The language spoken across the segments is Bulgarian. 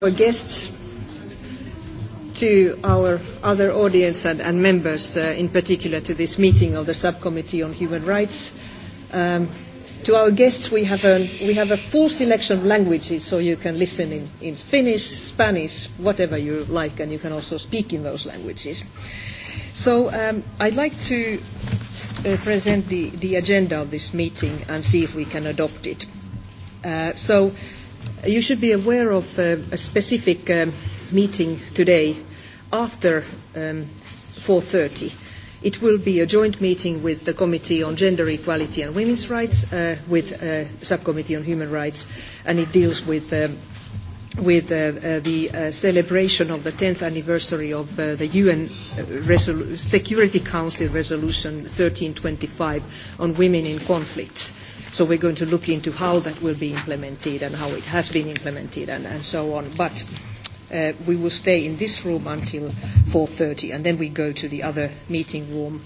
our guests, to our other audience and, and members, uh, in particular to this meeting of the Subcommittee on Human Rights. Um, to our guests, we have, a, we have a full selection of languages, so you can listen in, in Finnish, Spanish, whatever you like, and you can also speak in those languages. So um, I'd like to uh, present the, the agenda of this meeting and see if we can adopt it. Uh, so You should be aware of uh, a specific um, meeting today after um, 4.30. It will be a joint meeting with the Committee on Gender Equality and Women's Rights, uh, with uh, Subcommittee on Human Rights, and it deals with, um, with uh, uh, the uh, celebration of the 10th anniversary of uh, the UN Resolu- Security Council Resolution 1325 on women in conflicts So we're going to look into how that will be implemented and how it has been implemented and, and so on. But uh, we will stay in this room until 4.30 and then we go to the other meeting room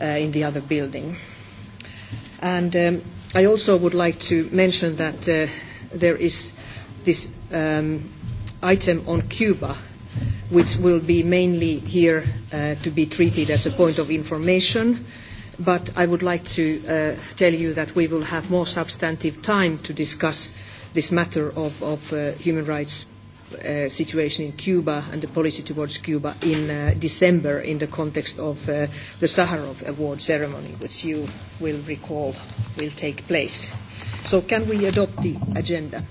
uh, in the other building. And um, I also would like to mention that uh, there is this um, item on Cuba which will be mainly here uh, to be treated as a point of information. Uh, but I would like to tell you that we will have more substantive time to discuss this matter of human rights situation in Cuba and the policy towards Cuba in December in the context of the Sakharov Award ceremony, which you will recall will take place. So can we adopt the agenda?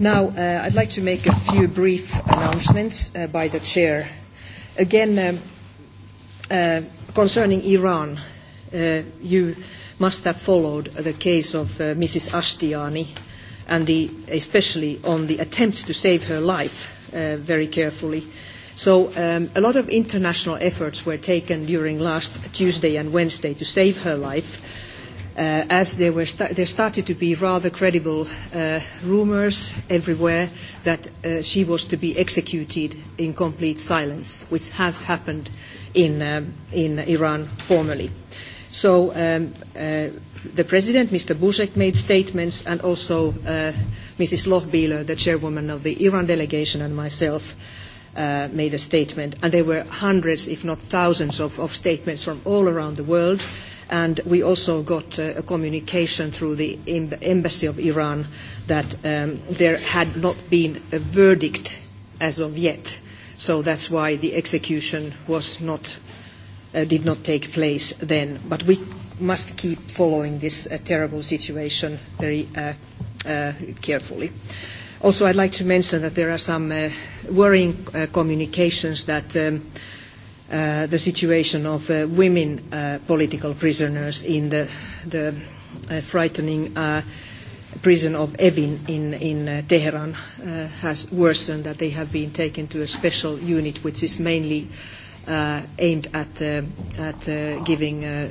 Now, uh, I'd like to make a few brief announcements by the chair. Again, concerning Iran, uh, you must have followed the case of uh, Mrs. Ashtiani and the, especially on the attempt to save her life uh, very carefully. So um, a lot of international efforts were taken during last Tuesday and Wednesday to save her life, uh, as there, were sta- there started to be rather credible uh, rumors everywhere that uh, she was to be executed in complete silence, which has happened in, uh, in Iran formally. So um, uh, the president, Mr. Buzek, made statements, and also uh, Mrs. Lochbieler, the chairwoman of the Iran delegation, and myself uh, made a statement. And there were hundreds, if not thousands, of, of statements from all around the world. And we also got uh, a communication through the embassy of Iran that um, there had not been a verdict as of yet So that's why the execution was not, did not take place then. But we must keep following this terrible situation very carefully. Also, I'd like to mention that there are some worrying communications that the situation of women political prisoners in the frightening prison of Evin in, in uh, Tehran uh, has worsened, that they have been taken to a special unit which is mainly uh, aimed at, uh, at uh, giving uh,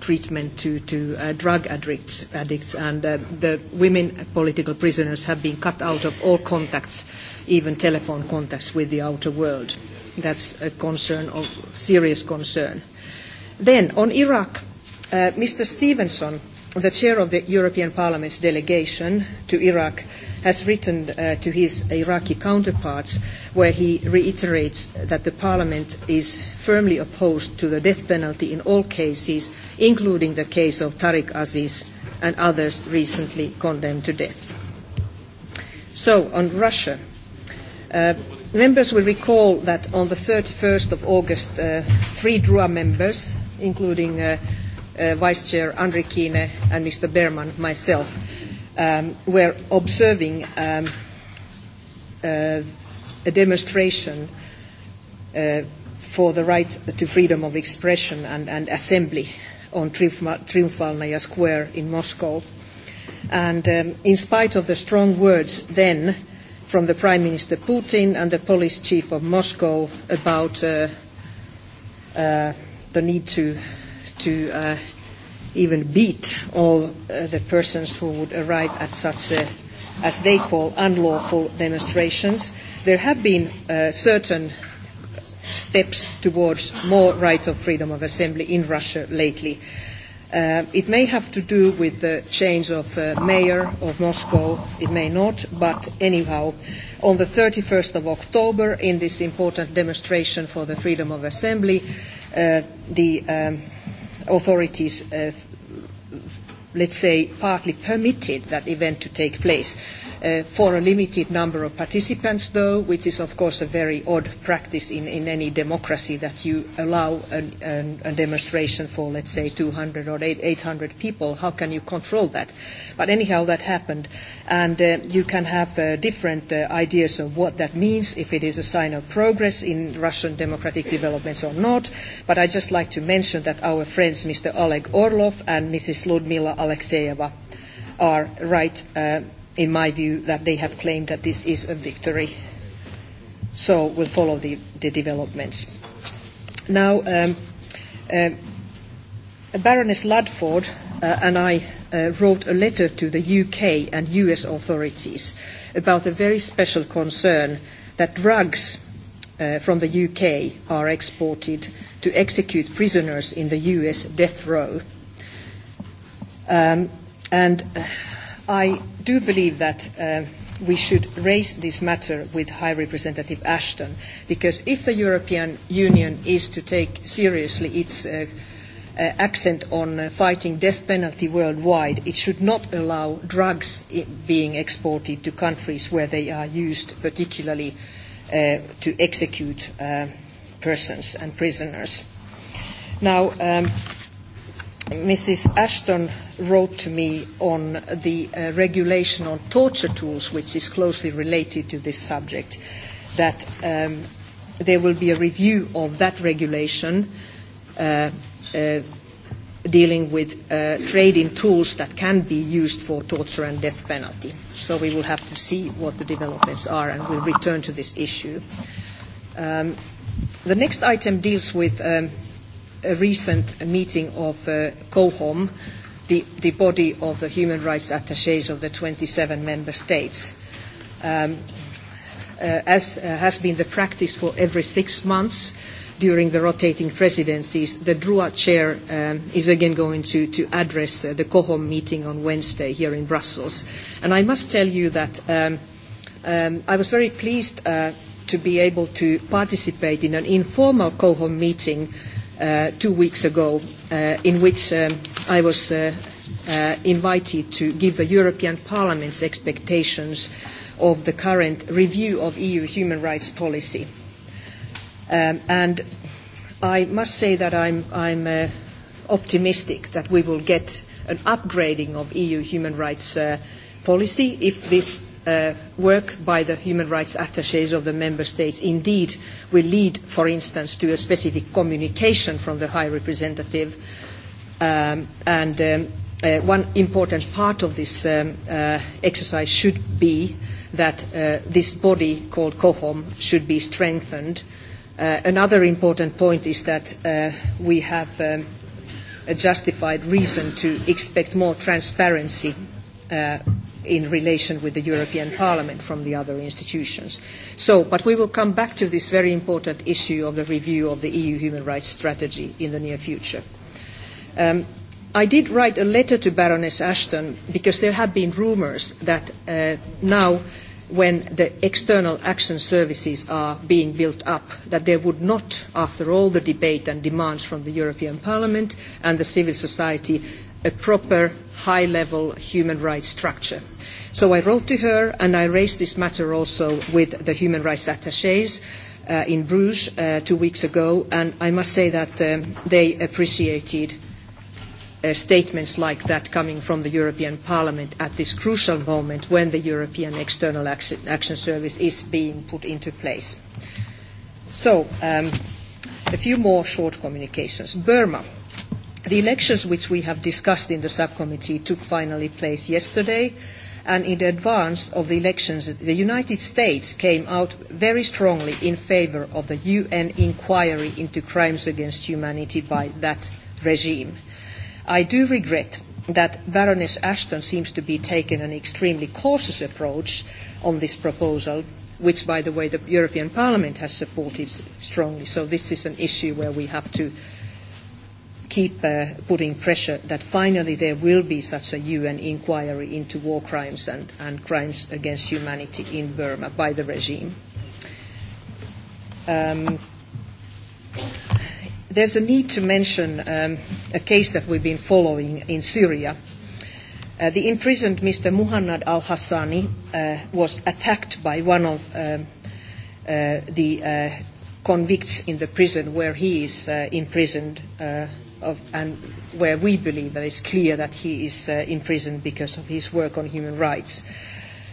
treatment to, to uh, drug addicts, addicts and uh, the women political prisoners have been cut out of all contacts, even telephone contacts with the outer world. That's a concern of serious concern. Then on Iraq, uh, Mr. Stevenson the chair of the European Parliament's delegation to Iraq has written to his Iraqi counterparts, where he reiterates that the Parliament is firmly opposed to the death penalty in all cases, including the case of Tariq Aziz and others recently condemned to death. So, on Russia. members will recall that on the 31st of August, three DRUA members, including Vice Chair Andri Kine and Mr. Berman, myself, um, were observing um, uh, a demonstration uh, for the right to freedom of expression and, and assembly on Triumfalnaya Square in Moscow. And um, in spite of the strong words then from the Prime Minister Putin and the police chief of Moscow about uh, uh, the need to to uh, even beat all uh, the persons who would arrive at such, a, as they call, unlawful demonstrations. There have been uh, certain steps towards more rights of freedom of assembly in Russia lately. Uh, it may have to do with the change of uh, mayor of Moscow, it may not, but anyhow, on the 31st of October, in this important demonstration for the freedom of assembly, uh, the um, authorities, uh, let's say, partly permitted that event to take place for a limited number of participants, though, which is, of course, a very odd practice in, in any democracy that you allow an, an, a demonstration for, let's say, 200 or 800 people. How can you control that? But anyhow, that happened. And uh, you can have uh, different uh, ideas of what that means, if it is a sign of progress in Russian democratic developments or not. But I'd just like to mention that our friends, Mr. Oleg Orlov and Mrs. Ludmila Alexeyeva, are right. Uh, in my view, that they have claimed that this is a victory. So we'll follow the, the developments. Now, um, uh, Baroness Ludford uh, and I uh, wrote a letter to the UK and US authorities about a very special concern that drugs uh, from the UK are exported to execute prisoners in the US death row. Um, and. Uh, I do believe that uh, we should raise this matter with High Representative Ashton, because if the European Union is to take seriously its uh, uh, accent on uh, fighting death penalty worldwide, it should not allow drugs being exported to countries where they are used, particularly uh, to execute uh, persons and prisoners. Now. Um, Mrs. Ashton wrote to me on the regulation on torture tools, which is closely related to this subject, that there will be a review of that regulation dealing with uh, trade in tools that can be used for torture and death penalty. So we will have to see what the developments are and we'll return to this issue. Um, the next item deals with um, a recent meeting of COHOM, the, the body of the human rights attaches of the 27 member states. as has been the practice for every six months during the rotating presidencies, the DRUA chair is again going to, to address the COHOM meeting on Wednesday here in Brussels. And I must tell you that I was very pleased to be able to participate in an informal COHOM meeting two weeks ago, uh, in which um, I was uh, uh, invited to give the European Parliament's expectations of the current review of EU human rights policy. Um, and I must say that I'm, I'm uh, optimistic that we will get an upgrading of EU human rights uh, policy if this work by the human rights attaches of the member states indeed will lead, for instance, to a specific communication from the High Representative. and one important part of this exercise should be that this body called COHOM should be strengthened. another important point is that we have a justified reason to expect more transparency in relation with the European Parliament from the other institutions. So, but we will come back to this very important issue of the review of the EU human rights strategy in the near future. Um, I did write a letter to Baroness Ashton because there have been rumours that uh, now when the external action services are being built up, that there would not, after all the debate and demands from the European Parliament and the civil society, a proper high level human rights structure. So I wrote to her and I raised this matter also with the human rights attaches in Bruges two weeks ago, and I must say that they appreciated statements like that coming from the European Parliament at this crucial moment when the European External Action, Service is being put into place. So, a few more short communications. Burma. The elections which we have discussed in the subcommittee took finally place yesterday and in advance of the elections, the United States came out very strongly in favour of the UN inquiry into crimes against humanity by that regime. I do regret that Baroness Ashton seems to be taking an extremely cautious approach on this proposal, which, by the way, the European Parliament has supported strongly. So this is an issue where we have to keep uh, putting pressure that finally there will be such a UN inquiry into war crimes and, and crimes against humanity in Burma by the regime. Um, there's a need to mention um, a case that we've been following in Syria. Uh, the imprisoned Mr. Muhannad al-Hassani uh, was attacked by one of um, uh, the uh, convicts in the prison where he is uh, imprisoned uh, of, and where we believe that it's clear that he is uh, imprisoned because of his work on human rights.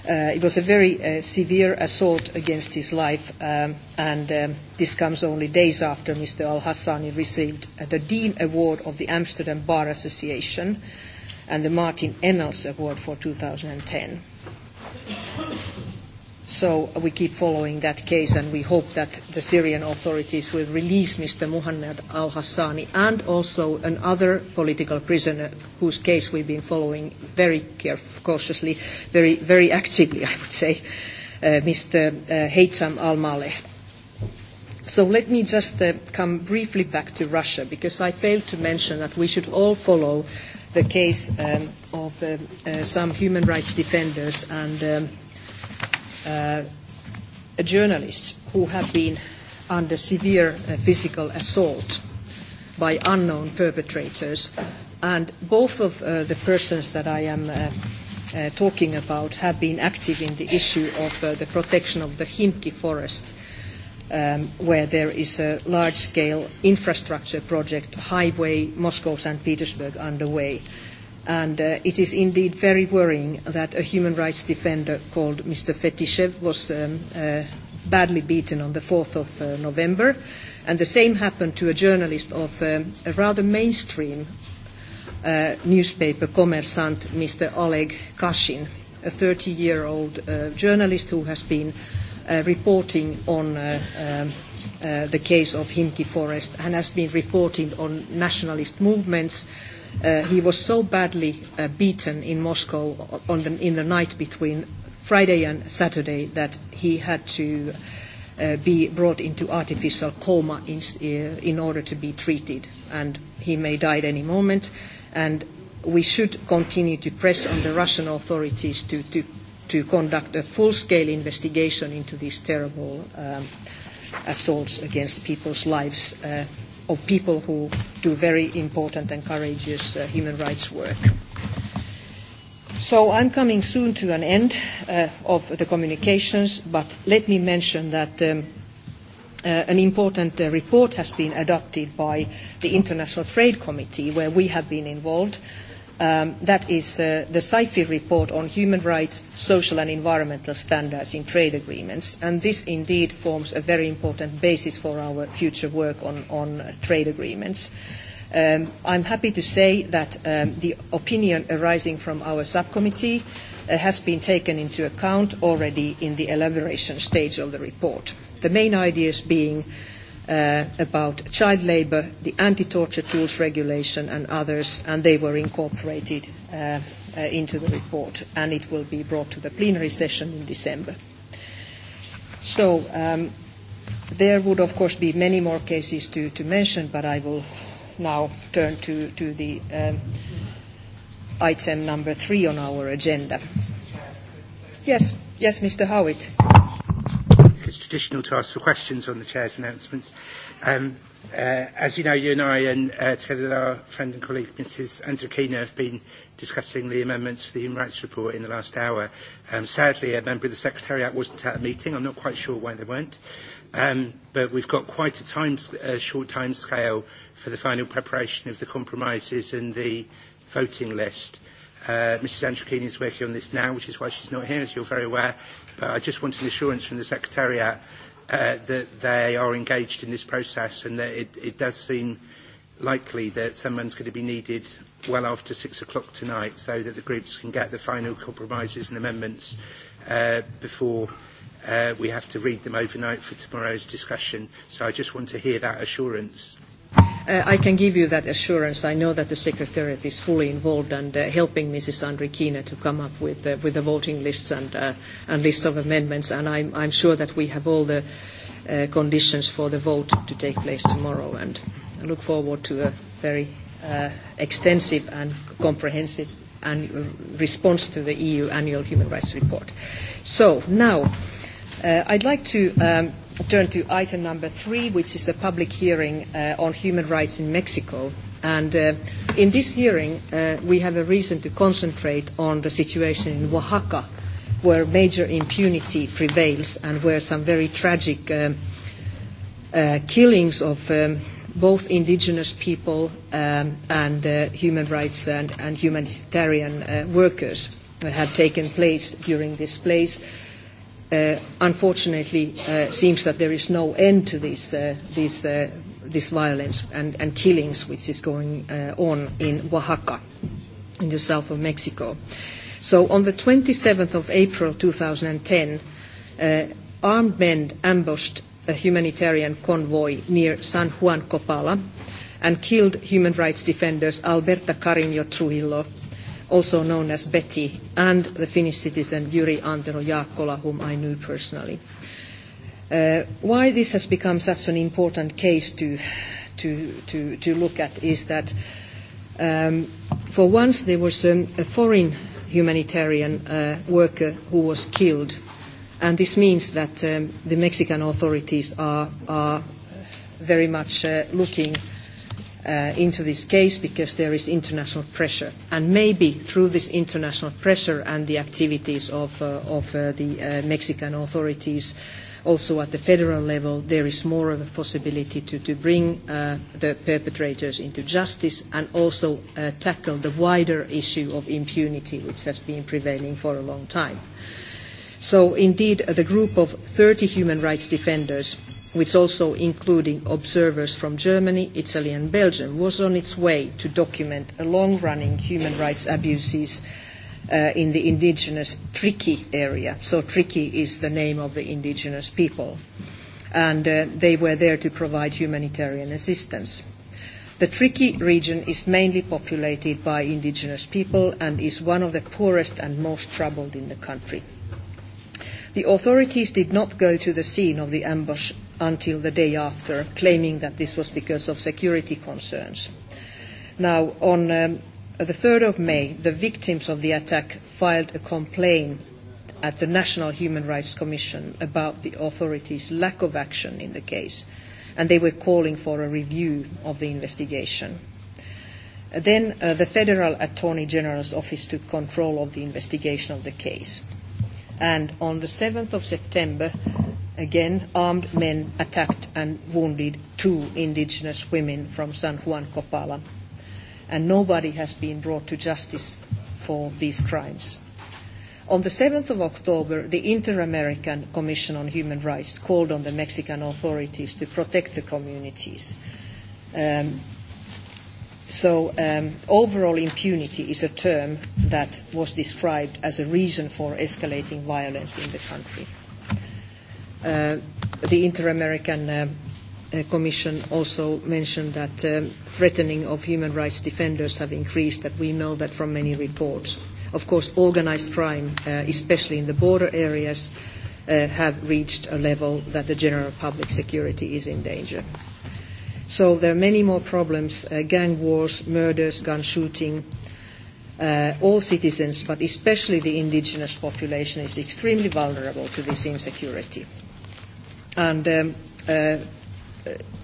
Uh, it was a very uh, severe assault against his life, um, and um, this comes only days after Mr. Al Hassani received the Dean Award of the Amsterdam Bar Association and the Martin Ennals Award for 2010. So we keep following that case, and we hope that the Syrian authorities will release Mr. Muhammad al-Hassani and also another political prisoner whose case we've been following very cautiously, very, very actively, I would say, Mr. Haytham al-Maleh. So let me just come briefly back to Russia, because I failed to mention that we should all follow the case of some human rights defenders and uh, journalists who have been under severe uh, physical assault by unknown perpetrators. And both of uh, the persons that I am uh, uh, talking about have been active in the issue of uh, the protection of the Himki forest, um, where there is a large-scale infrastructure project, highway Moscow-St. Petersburg underway. Uh, And uh, it is indeed very worrying that a human rights defender called Mr. Fetishev was um, uh, badly beaten on the 4th of uh, November. And the same happened to a journalist of um, a rather mainstream uh, newspaper, Kommersant, Mr. Oleg Kashin, a 30 year old uh, journalist who has been uh, reporting on uh, uh, the case of Himki Forest and has been reporting on nationalist movements uh, he was so badly uh, beaten in Moscow on the, in the night between Friday and Saturday that he had to uh, be brought into artificial coma in, uh, in order to be treated. And he may die at any moment. And we should continue to press on the Russian authorities to, to, to conduct a full-scale investigation into these terrible um, assaults against people's lives. Uh, of people who do very important and courageous uh, human rights work. So I'm coming soon to an end uh, of the communications, but let me mention that um, uh, an important uh, report has been adopted by the International Trade Committee, where we have been involved, that is the SIFI report on human rights, social and environmental standards in trade agreements. And this indeed forms a very important basis for our future work on, trade agreements. I am happy to say that the opinion arising from our subcommittee has been taken into account already in the elaboration stage of the report. The main ideas being uh, about child labour, the anti-torture tools regulation and others, and they were incorporated uh, uh, into the report, and it will be brought to the plenary session in December. So um, there would, of course, be many more cases to, to mention, but I will now turn to, to the um, item number three on our agenda. Yes, yes, Mr. Howitt it's traditional to ask for questions on the Chair's announcements. Um, uh, as you know, you and I, and uh, together with our friend and colleague Mrs. Andrakina have been discussing the amendments to the Human Rights Report in the last hour. Um, sadly, a member of the Secretariat wasn't at a meeting. I'm not quite sure why they weren't. Um, but we've got quite a time, a short time scale for the final preparation of the compromises and the voting list. Uh, Mrs. Andrakina is working on this now, which is why she's not here, as you're very aware but I just want an assurance from the Secretariat uh, that they are engaged in this process and that it, it does seem likely that someone's going to be needed well after six o'clock tonight so that the groups can get the final compromises and amendments uh, before uh, we have to read them overnight for tomorrow's discussion. So I just want to hear that assurance. I can give you that assurance. I know that the Secretariat is fully involved and helping Mrs. Andrikina to come up with the, with the voting lists and, uh, and lists of amendments. And I'm, I'm sure that we have all the uh, conditions for the vote to take place tomorrow. And I look forward to a very uh, extensive and comprehensive and response to the EU annual human rights report. So now, uh, I'd like to. Um, turn to item number three, which is a public hearing uh, on human rights in Mexico. And uh, in this hearing, uh, we have a reason to concentrate on the situation in Oaxaca, where major impunity prevails and where some very tragic um, uh, killings of um, both indigenous people um, and uh, human rights and, and humanitarian uh, workers have taken place during this place uh, unfortunately uh, seems that there is no end to this, uh, this, uh, this violence and, and killings which is going uh, on in Oaxaca, in the south of Mexico. So on the 27th of April 2010, uh, armed men ambushed a humanitarian convoy near San Juan Copala and killed human rights defenders Alberta Carino Trujillo also known as Betty, and the Finnish citizen Yuri Antero Jaakkola, whom I knew personally. Uh, why this has become such an important case to, to, to, to look at is that um, for once there was um, a foreign humanitarian uh, worker who was killed, and this means that um, the Mexican authorities are, are very much uh, looking – into this case because there is international pressure. And maybe through this international pressure and the activities of, the Mexican authorities, also at the federal level, there is more of a possibility to, bring the perpetrators into justice and also tackle the wider issue of impunity, which has been prevailing for a long time. So indeed, the group of 30 human rights defenders which also including observers from Germany, Italy and Belgium, was on its way to document a long-running human rights abuses uh, in the indigenous Triki area. So Triki is the name of the indigenous people. And uh, they were there to provide humanitarian assistance. The Triki region is mainly populated by indigenous people and is one of the poorest and most troubled in the country. The authorities did not go to the scene of the ambush until the day after, claiming that this was because of security concerns. Now, on um, the 3rd of May, the victims of the attack filed a complaint at the National Human Rights Commission about the authorities' lack of action in the case, and they were calling for a review of the investigation. Then uh, the Federal Attorney General's Office took control of the investigation of the case and on the 7th of September, again, armed men attacked and wounded two indigenous women from San Juan Copala, and nobody has been brought to justice for these crimes. On the 7th of October, the Inter-American Commission on Human Rights called on the Mexican authorities to protect the communities. Um, So um, overall impunity is a term that was described as a reason for escalating violence in the country. Uh, the Inter-American uh, Commission also mentioned that um, threatening of human rights defenders have increased, that we know that from many reports. Of course, organized crime, uh, especially in the border areas, uh, have reached a level that the general public security is in danger. So there are many more problems, uh, gang wars, murders, gun shooting. Uh, all citizens, but especially the indigenous population, is extremely vulnerable to this insecurity. And um, uh,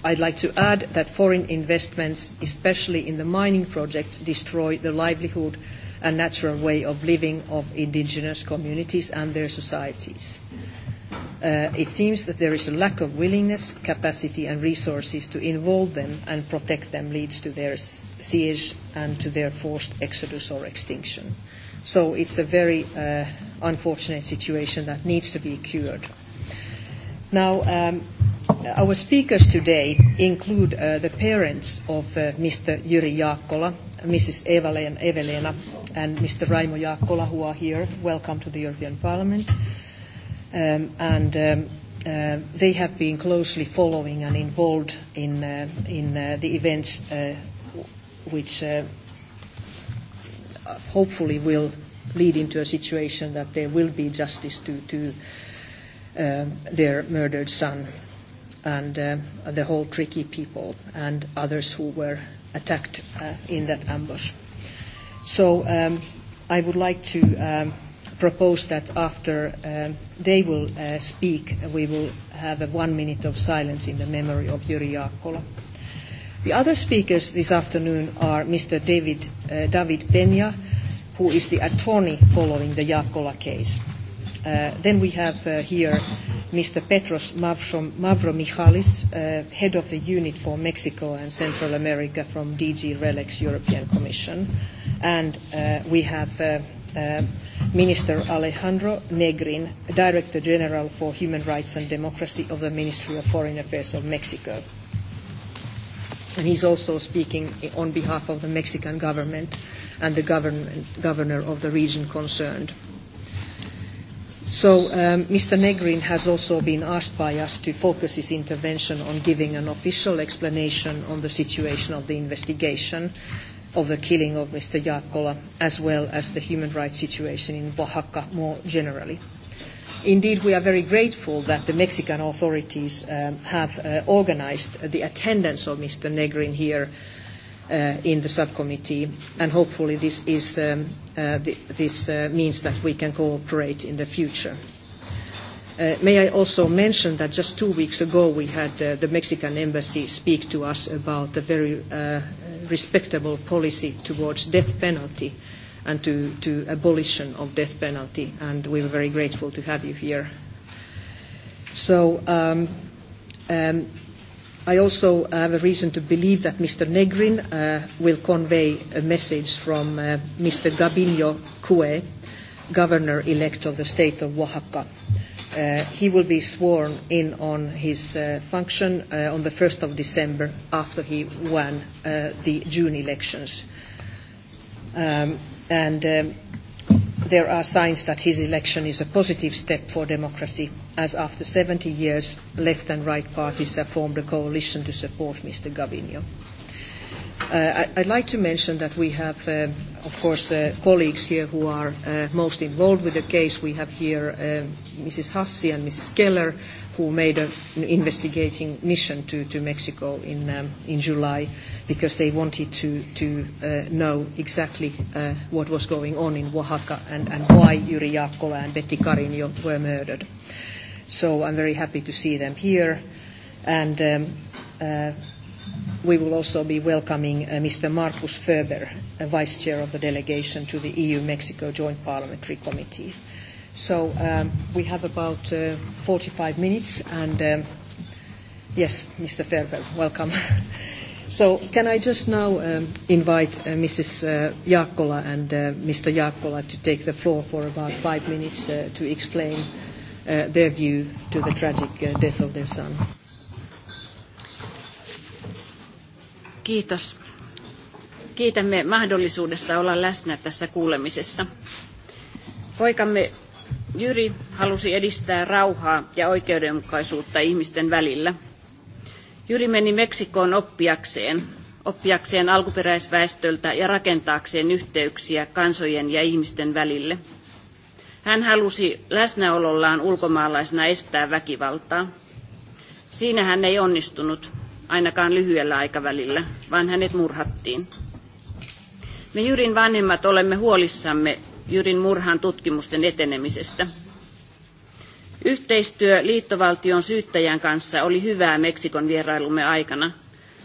I'd like to add that foreign investments, especially in the mining projects, destroy the livelihood and natural way of living of indigenous communities and their societies. Mm-hmm it seems that there is a lack of willingness, capacity and resources to involve them and protect them leads to their siege and to their forced exodus or extinction. So it's a very uh, unfortunate situation that needs to be cured. Now, um, our speakers today include uh, the parents of uh, Mr. Yuri Jaakkola, Mrs. Evelena, and Mr. Raimo Jaakkola, who are here. Welcome to the European Parliament um, and um, uh, they have been closely following and involved in, uh, in uh, the events uh, which uh, hopefully will lead into a situation that there will be justice to, to uh their murdered son and uh, the whole tricky people and others who were attacked uh, in that ambush. So um, I would like to um, propose that after uh, they will uh, speak, we will have a one minute of silence in the memory of Yuri Jaakkola. The other speakers this afternoon are Mr. David, uh, David Peña, who is the attorney following the Jaakkola case. Uh, then we have uh, here Mr. Petros Mavromichalis, uh, head of the unit for Mexico and Central America from DG RELEX European Commission. And uh, we have uh, Minister Alejandro Negrin, Director General for Human Rights and Democracy of the Ministry of Foreign Affairs of Mexico. And he's also speaking on behalf of the Mexican government and the government, governor of the region concerned. So um, Mr. Negrin has also been asked by us to focus his intervention on giving an official explanation on the situation of the investigation of the killing of Mr. Jaakkola, as well as the human rights situation in Oaxaca more generally. Indeed, we are very grateful that the Mexican authorities um, have uh, organized the attendance of Mr. Negrin here uh, in the subcommittee, and hopefully this, is, um, uh, th- this uh, means that we can cooperate in the future. Uh, may I also mention that just two weeks ago we had uh, the Mexican embassy speak to us about the very uh, respectable policy towards death penalty and to, to abolition of death penalty. And we were very grateful to have you here. So um, um, I also have a reason to believe that Mr. Negrin uh, will convey a message from uh, Mr. Gabinho Cue, governor-elect of the state of Oaxaca. Uh, uh, he will be sworn in on his uh, function uh, on the 1st of December after he won uh, the June elections. Um, and um, there are signs that his election is a positive step for democracy, as after 70 years, left and right parties have formed a coalition to support Mr. Gavinio. I I'd like to mention that we have, of course, colleagues here who are most involved with the case. We have here Mrs. Hassi and Mrs. Keller, who made an investigating mission to, to Mexico in, um, in July because they wanted to, to uh, know exactly uh, what was going on in Oaxaca and, and why Yuri Jaakkola and Betty Carino were murdered. So I'm very happy to see them here. And um, uh, we will also be welcoming uh, Mr. Markus Ferber, uh, Vice Chair of the Delegation to the EU-Mexico Joint Parliamentary Committee. So um, we have about uh, 45 minutes, and um, yes, Mr. Ferber, welcome. so can I just now um, invite uh, Mrs. Uh, Jaakkola and uh, Mr. Jaakkola to take the floor for about five minutes uh, to explain uh, their view to the tragic uh, death of their son. Kiitos. Kiitämme mahdollisuudesta olla läsnä tässä kuulemisessa. Poikamme Jyri halusi edistää rauhaa ja oikeudenmukaisuutta ihmisten välillä. Jyri meni Meksikoon oppiakseen, oppiakseen alkuperäisväestöltä ja rakentaakseen yhteyksiä kansojen ja ihmisten välille. Hän halusi läsnäolollaan ulkomaalaisena estää väkivaltaa. Siinä hän ei onnistunut, ainakaan lyhyellä aikavälillä, vaan hänet murhattiin. Me Jyrin vanhemmat olemme huolissamme Jyrin murhan tutkimusten etenemisestä. Yhteistyö liittovaltion syyttäjän kanssa oli hyvää Meksikon vierailumme aikana,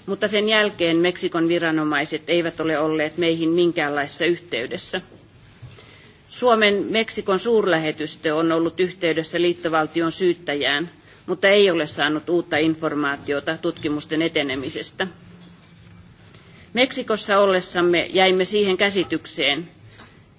mutta sen jälkeen Meksikon viranomaiset eivät ole olleet meihin minkäänlaisessa yhteydessä. Suomen Meksikon suurlähetystö on ollut yhteydessä liittovaltion syyttäjään, mutta ei ole saanut uutta informaatiota tutkimusten etenemisestä. Meksikossa ollessamme jäimme siihen käsitykseen,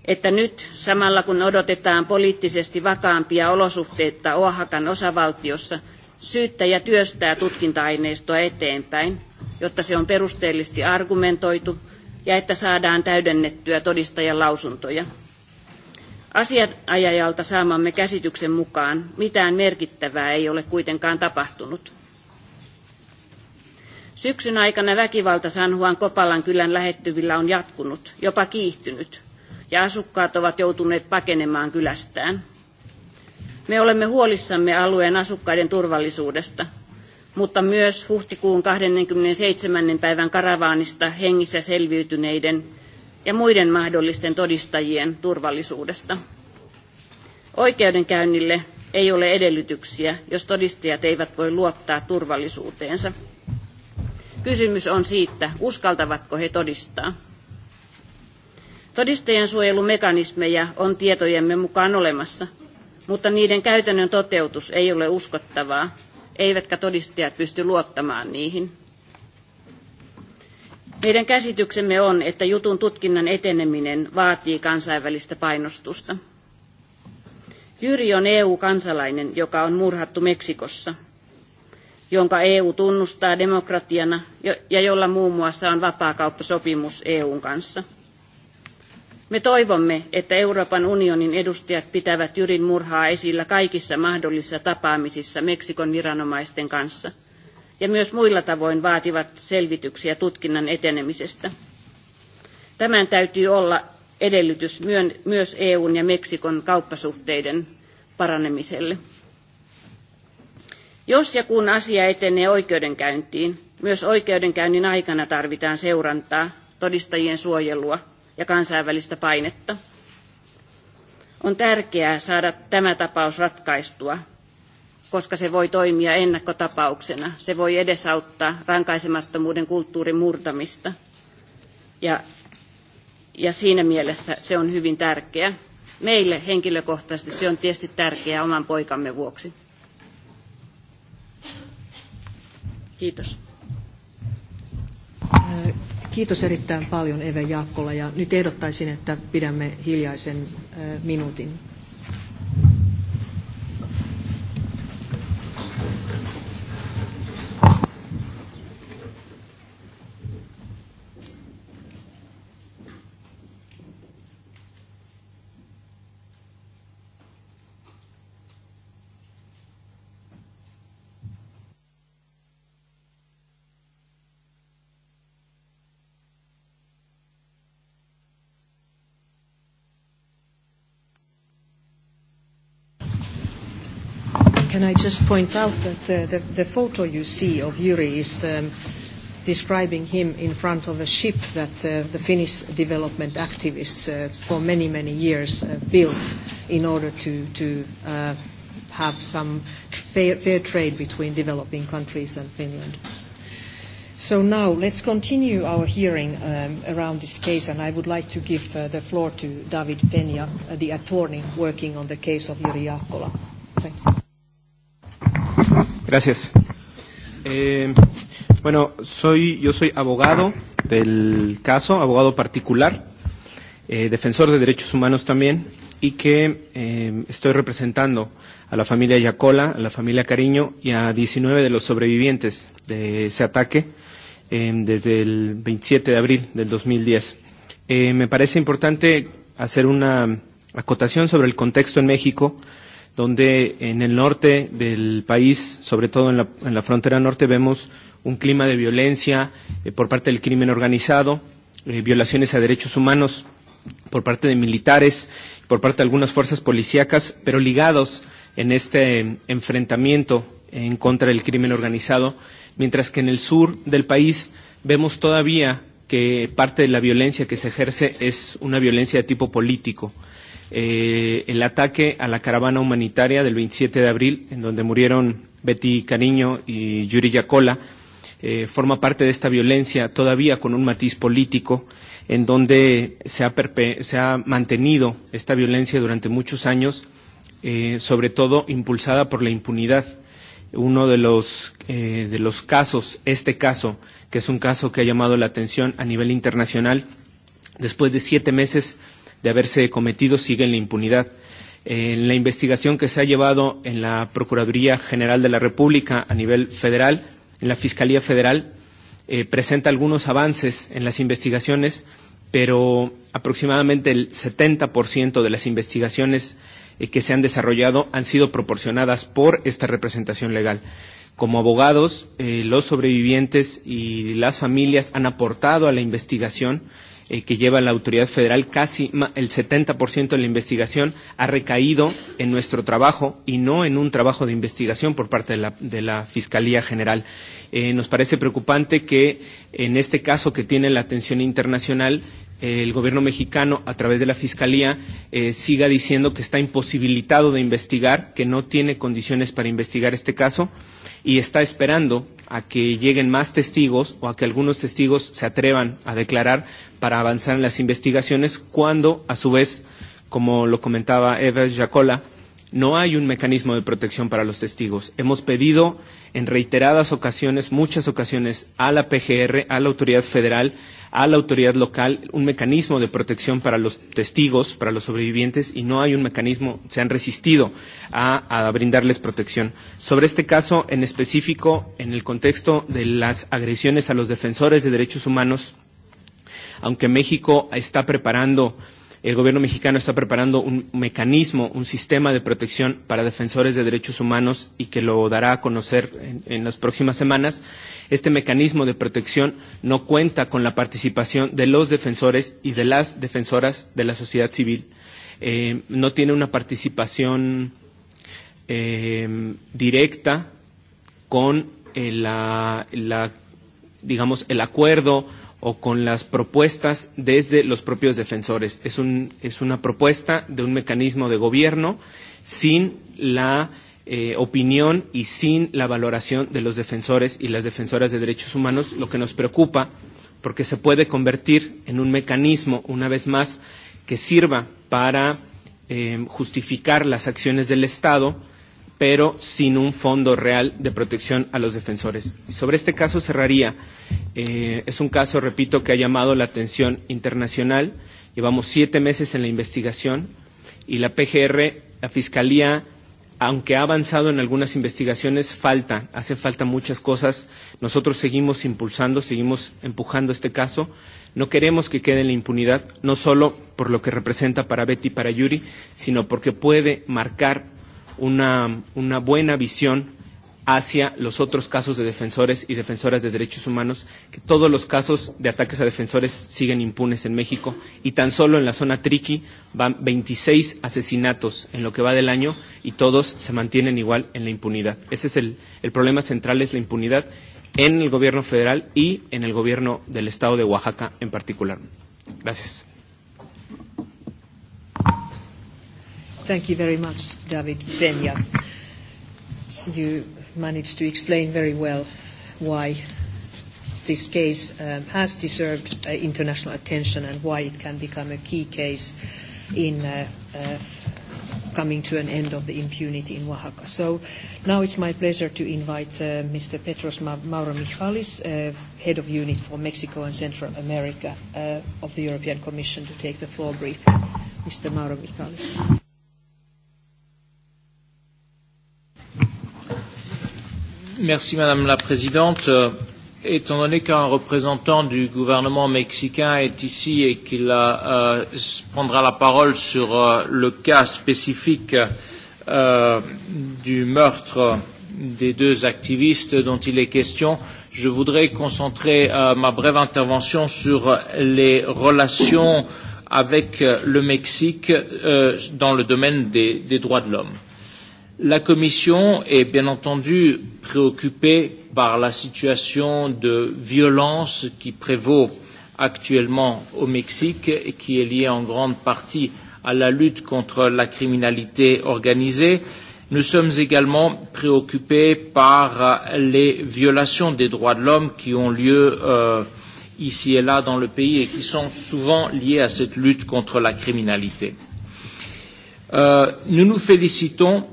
että nyt samalla kun odotetaan poliittisesti vakaampia olosuhteita Oahakan osavaltiossa, syyttäjä työstää tutkinta-aineistoa eteenpäin, jotta se on perusteellisesti argumentoitu ja että saadaan täydennettyä todistajan lausuntoja. Asianajajalta saamamme käsityksen mukaan mitään merkittävää ei ole kuitenkaan tapahtunut. Syksyn aikana väkivalta San Juan Kopalan kylän lähettyvillä on jatkunut, jopa kiihtynyt, ja asukkaat ovat joutuneet pakenemaan kylästään. Me olemme huolissamme alueen asukkaiden turvallisuudesta, mutta myös huhtikuun 27. päivän karavaanista hengissä selviytyneiden ja muiden mahdollisten todistajien turvallisuudesta. Oikeudenkäynnille ei ole edellytyksiä, jos todistajat eivät voi luottaa turvallisuuteensa. Kysymys on siitä, uskaltavatko he todistaa. Todistajien suojelumekanismeja on tietojemme mukaan olemassa, mutta niiden käytännön toteutus ei ole uskottavaa, eivätkä todistajat pysty luottamaan niihin. Meidän käsityksemme on, että jutun tutkinnan eteneminen vaatii kansainvälistä painostusta. Jyri on EU-kansalainen, joka on murhattu Meksikossa, jonka EU tunnustaa demokratiana ja jolla muun muassa on vapaakauppasopimus EUn kanssa. Me toivomme, että Euroopan unionin edustajat pitävät Jyrin murhaa esillä kaikissa mahdollisissa tapaamisissa Meksikon viranomaisten kanssa – ja myös muilla tavoin vaativat selvityksiä tutkinnan etenemisestä. Tämän täytyy olla edellytys myös EUn ja Meksikon kauppasuhteiden paranemiselle. Jos ja kun asia etenee oikeudenkäyntiin, myös oikeudenkäynnin aikana tarvitaan seurantaa, todistajien suojelua ja kansainvälistä painetta. On tärkeää saada tämä tapaus ratkaistua koska se voi toimia ennakkotapauksena. Se voi edesauttaa rankaisemattomuuden kulttuurin murtamista. Ja, ja siinä mielessä se on hyvin tärkeä. Meille henkilökohtaisesti se on tietysti tärkeää oman poikamme vuoksi. Kiitos. Kiitos erittäin paljon Eve Jaakkola ja nyt ehdottaisin, että pidämme hiljaisen minuutin Can I just point out that the, the, the photo you see of Yuri is um, describing him in front of a ship that uh, the Finnish development activists uh, for many, many years uh, built in order to, to uh, have some fair, fair trade between developing countries and Finland. So now let's continue our hearing um, around this case, and I would like to give uh, the floor to David Peña, uh, the attorney working on the case of Yuri Jaakkola. Thank you. Gracias. Eh, bueno, soy, yo soy abogado del caso, abogado particular, eh, defensor de derechos humanos también, y que eh, estoy representando a la familia Yacola, a la familia Cariño y a 19 de los sobrevivientes de ese ataque eh, desde el 27 de abril del 2010. Eh, me parece importante hacer una acotación sobre el contexto en México donde en el norte del país, sobre todo en la, en la frontera norte, vemos un clima de violencia eh, por parte del crimen organizado, eh, violaciones a derechos humanos por parte de militares, por parte de algunas fuerzas policíacas, pero ligados en este enfrentamiento en contra del crimen organizado, mientras que en el sur del país vemos todavía que parte de la violencia que se ejerce es una violencia de tipo político. Eh, eh, el ataque a la caravana humanitaria del 27 de abril, en donde murieron Betty Cariño y Yuri Yacola, eh, forma parte de esta violencia todavía con un matiz político, en donde se ha, se ha mantenido esta violencia durante muchos años, eh, sobre todo impulsada por la impunidad. Uno de los, eh, de los casos, este caso, que es un caso que ha llamado la atención a nivel internacional, después de siete meses de haberse cometido sigue en la impunidad. En la investigación que se ha llevado en la Procuraduría General de la República a nivel federal, en la Fiscalía Federal, eh, presenta algunos avances en las investigaciones, pero aproximadamente el 70% de las investigaciones eh, que se han desarrollado han sido proporcionadas por esta representación legal. Como abogados, eh, los sobrevivientes y las familias han aportado a la investigación eh, eh, que lleva la autoridad federal, casi el 70% de la investigación ha recaído en nuestro trabajo y no en un trabajo de investigación por parte de la, de la Fiscalía General. Eh, nos parece preocupante que en este caso que tiene la atención internacional el gobierno mexicano, a través de la Fiscalía, eh, siga diciendo que está imposibilitado de investigar, que no tiene condiciones para investigar este caso y está esperando a que lleguen más testigos o a que algunos testigos se atrevan a declarar para avanzar en las investigaciones cuando, a su vez, como lo comentaba Eva Jacola, no hay un mecanismo de protección para los testigos. Hemos pedido en reiteradas ocasiones, muchas ocasiones, a la PGR, a la autoridad federal, a la autoridad local, un mecanismo de protección para los testigos, para los sobrevivientes, y no hay un mecanismo, se han resistido a, a brindarles protección. Sobre este caso en específico, en el contexto de las agresiones a los defensores de derechos humanos, aunque México está preparando el gobierno mexicano está preparando un mecanismo, un sistema de protección para defensores de derechos humanos y que lo dará a conocer en, en las próximas semanas. Este mecanismo de protección no cuenta con la participación de los defensores y de las defensoras de la sociedad civil. Eh, no tiene una participación eh, directa con eh, la, la, digamos, el acuerdo o con las propuestas desde los propios defensores. Es, un, es una propuesta de un mecanismo de gobierno sin la eh, opinión y sin la valoración de los defensores y las defensoras de derechos humanos, lo que nos preocupa porque se puede convertir en un mecanismo, una vez más, que sirva para eh, justificar las acciones del Estado pero sin un fondo real de protección a los defensores. Sobre este caso cerraría. Eh, es un caso, repito, que ha llamado la atención internacional. Llevamos siete meses en la investigación y la PGR, la Fiscalía, aunque ha avanzado en algunas investigaciones, falta, hace falta muchas cosas. Nosotros seguimos impulsando, seguimos empujando este caso. No queremos que quede en la impunidad, no solo por lo que representa para Betty y para Yuri, sino porque puede marcar una, una buena visión hacia los otros casos de defensores y defensoras de derechos humanos, que todos los casos de ataques a defensores siguen impunes en México y tan solo en la zona Triqui van 26 asesinatos en lo que va del año y todos se mantienen igual en la impunidad. Ese es el, el problema central, es la impunidad en el gobierno federal y en el gobierno del estado de Oaxaca en particular. Gracias. Thank you very much, David Benja. You managed to explain very well why this case has deserved international attention and why it can become a key case in coming to an end of the impunity in Oaxaca. So now it's my pleasure to invite Mr. Petros Mauro Michalis, Head of Unit for Mexico and Central America of the European Commission, to take the floor briefly. Mr. Mauro Michalis. Merci Madame la Présidente. Étant donné qu'un représentant du gouvernement mexicain est ici et qu'il euh, prendra la parole sur euh, le cas spécifique euh, du meurtre des deux activistes dont il est question, je voudrais concentrer euh, ma brève intervention sur les relations avec le Mexique euh, dans le domaine des, des droits de l'homme La Commission est bien entendu préoccupée par la situation de violence qui prévaut actuellement au Mexique et qui est liée en grande partie à la lutte contre la criminalité organisée. Nous sommes également préoccupés par les violations des droits de l'homme qui ont lieu euh, ici et là dans le pays et qui sont souvent liées à cette lutte contre la criminalité. Euh, nous nous félicitons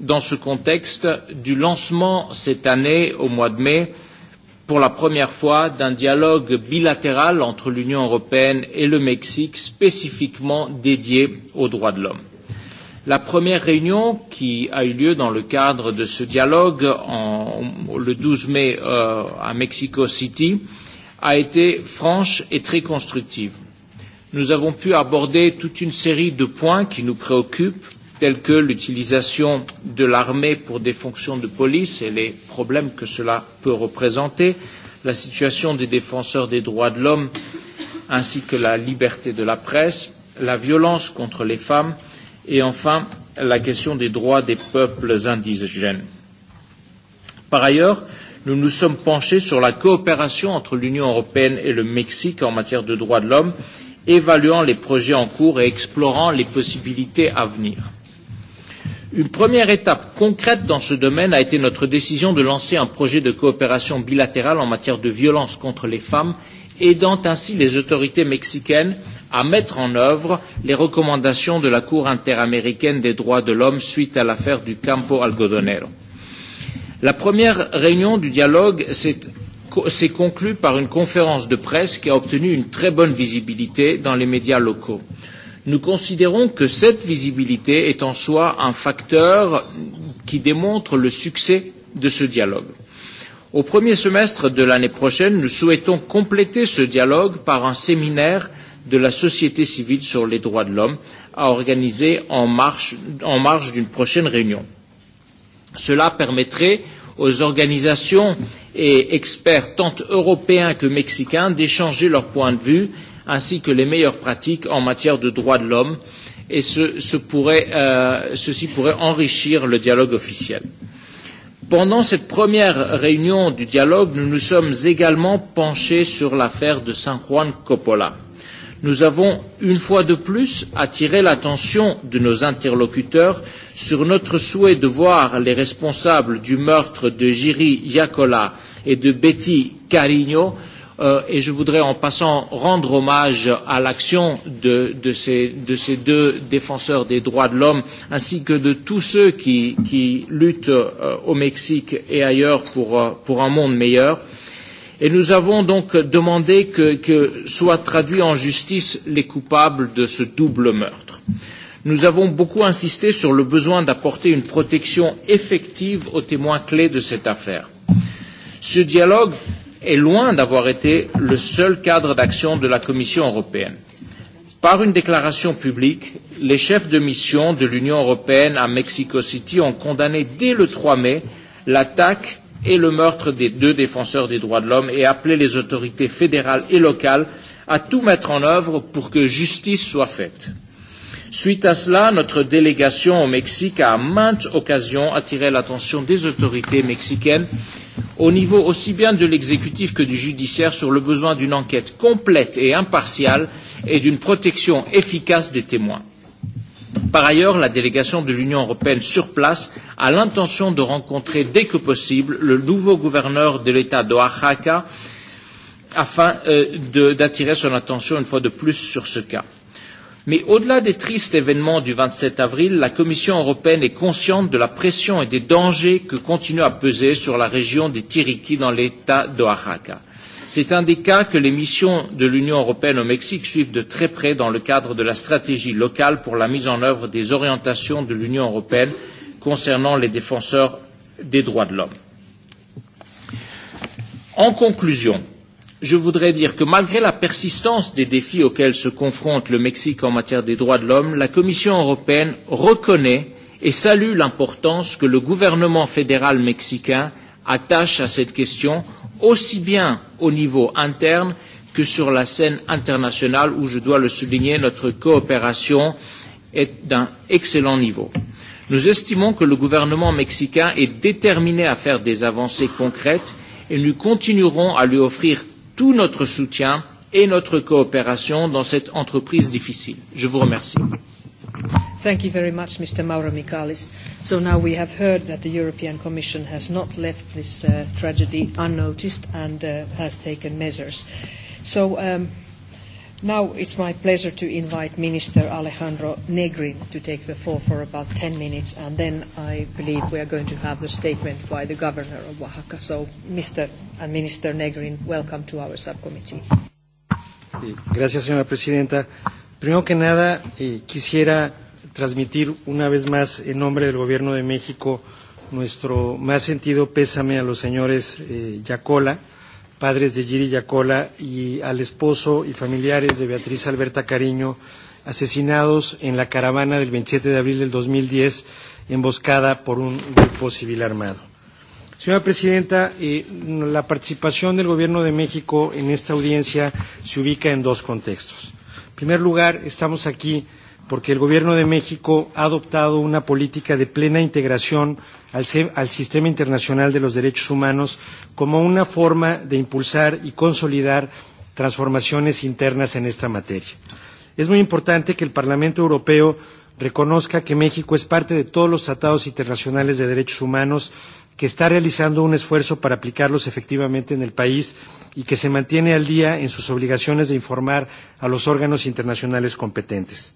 dans ce contexte du lancement cette année, au mois de mai, pour la première fois, d'un dialogue bilatéral entre l'Union européenne et le Mexique spécifiquement dédié aux droits de l'homme. La première réunion qui a eu lieu dans le cadre de ce dialogue en, le 12 mai euh, à Mexico City a été franche et très constructive. Nous avons pu aborder toute une série de points qui nous préoccupent, telles que l'utilisation de l'armée pour des fonctions de police et les problèmes que cela peut représenter, la situation des défenseurs des droits de l'homme ainsi que la liberté de la presse, la violence contre les femmes et enfin la question des droits des peuples indigènes. Par ailleurs, nous nous sommes penchés sur la coopération entre l'Union européenne et le Mexique en matière de droits de l'homme, évaluant les projets en cours et explorant les possibilités à venir. Une première étape concrète dans ce domaine a été notre décision de lancer un projet de coopération bilatérale en matière de violence contre les femmes, aidant ainsi les autorités mexicaines à mettre en œuvre les recommandations de la Cour interaméricaine des droits de l'homme suite à l'affaire du Campo Algodonero. La première réunion du dialogue s'est conclue par une conférence de presse qui a obtenu une très bonne visibilité dans les médias locaux. Nous considérons que cette visibilité est en soi un facteur qui démontre le succès de ce dialogue. Au premier semestre de l'année prochaine, nous souhaitons compléter ce dialogue par un séminaire de la société civile sur les droits de l'homme à organiser en marge d'une prochaine réunion. Cela permettrait aux organisations et experts tant européens que mexicains d'échanger leurs points de vue ainsi que les meilleures pratiques en matière de droits de l'homme et ce, ce pourrait, euh, ceci pourrait enrichir le dialogue officiel. Pendant cette première réunion du dialogue, nous nous sommes également penchés sur l'affaire de San Juan Coppola. Nous avons, une fois de plus, attiré l'attention de nos interlocuteurs sur notre souhait de voir les responsables du meurtre de Giri Yacola et de Betty Carigno euh, et je voudrais en passant rendre hommage à l'action de, de, ces, de ces deux défenseurs des droits de l'homme, ainsi que de tous ceux qui, qui luttent euh, au Mexique et ailleurs pour, euh, pour un monde meilleur. Et nous avons donc demandé que, que soient traduits en justice les coupables de ce double meurtre. Nous avons beaucoup insisté sur le besoin d'apporter une protection effective aux témoins clés de cette affaire. Ce dialogue est loin d'avoir été le seul cadre d'action de la Commission européenne. Par une déclaration publique, les chefs de mission de l'Union européenne à Mexico City ont condamné dès le 3 mai l'attaque et le meurtre des deux défenseurs des droits de l'homme et appelé les autorités fédérales et locales à tout mettre en œuvre pour que justice soit faite. Suite à cela, notre délégation au Mexique a à maintes occasions attiré l'attention des autorités mexicaines, au niveau aussi bien de l'exécutif que du judiciaire, sur le besoin d'une enquête complète et impartiale et d'une protection efficace des témoins. Par ailleurs, la délégation de l'Union européenne sur place a l'intention de rencontrer dès que possible le nouveau gouverneur de l'État de Oaxaca afin d'attirer son attention une fois de plus sur ce cas. Mais au-delà des tristes événements du vingt sept avril, la Commission européenne est consciente de la pression et des dangers que continue à peser sur la région des Tiriki dans l'État d'Oaxaca. C'est un des cas que les missions de l'Union européenne au Mexique suivent de très près dans le cadre de la stratégie locale pour la mise en œuvre des orientations de l'Union européenne concernant les défenseurs des droits de l'homme. En conclusion, je voudrais dire que malgré la persistance des défis auxquels se confronte le Mexique en matière des droits de l'homme, la Commission européenne reconnaît et salue l'importance que le gouvernement fédéral mexicain attache à cette question, aussi bien au niveau interne que sur la scène internationale où, je dois le souligner, notre coopération est d'un excellent niveau. Nous estimons que le gouvernement mexicain est déterminé à faire des avancées concrètes et nous continuerons à lui offrir tout notre soutien et notre coopération dans cette entreprise difficile. Je vous remercie. Thank you very much, Mr. Mauro Michalis. So now we have heard that the European Commission has not left this uh, tragedy unnoticed and uh, has taken measures. So. Um, Now it's my pleasure to invite Minister Alejandro Negri to take the floor for about 10 minutes, and then I believe we are going to have the statement by the Governor of Oaxaca. So, Mr. and Minister Negri, welcome to our subcommittee. Gracias, señora presidenta. Primero que nada, eh, quisiera transmitir una vez más en nombre del Gobierno de México nuestro más sentido pésame a los señores eh, Yacola padres de Giri Yacola y al esposo y familiares de Beatriz Alberta Cariño, asesinados en la caravana del 27 de abril del 2010, emboscada por un grupo civil armado. Señora Presidenta, eh, la participación del Gobierno de México en esta audiencia se ubica en dos contextos. En primer lugar, estamos aquí porque el Gobierno de México ha adoptado una política de plena integración al, al sistema internacional de los derechos humanos como una forma de impulsar y consolidar transformaciones internas en esta materia. Es muy importante que el Parlamento Europeo reconozca que México es parte de todos los tratados internacionales de derechos humanos, que está realizando un esfuerzo para aplicarlos efectivamente en el país y que se mantiene al día en sus obligaciones de informar a los órganos internacionales competentes.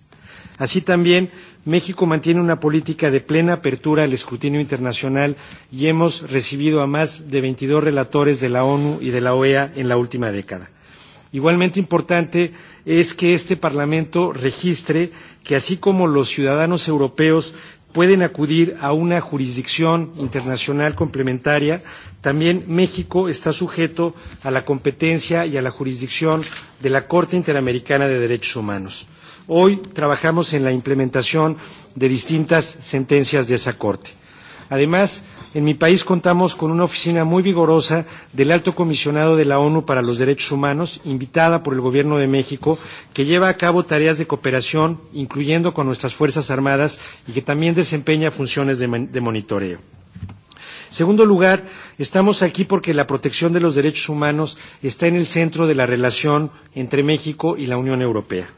Así también, México mantiene una política de plena apertura al escrutinio internacional y hemos recibido a más de 22 relatores de la ONU y de la OEA en la última década. Igualmente importante es que este Parlamento registre que así como los ciudadanos europeos pueden acudir a una jurisdicción internacional complementaria, también México está sujeto a la competencia y a la jurisdicción de la Corte Interamericana de Derechos Humanos. Hoy trabajamos en la implementación de distintas sentencias de esa Corte. Además, en mi país contamos con una oficina muy vigorosa del Alto Comisionado de la ONU para los Derechos Humanos, invitada por el Gobierno de México, que lleva a cabo tareas de cooperación, incluyendo con nuestras Fuerzas Armadas, y que también desempeña funciones de, de monitoreo. En segundo lugar, estamos aquí porque la protección de los derechos humanos está en el centro de la relación entre México y la Unión Europea.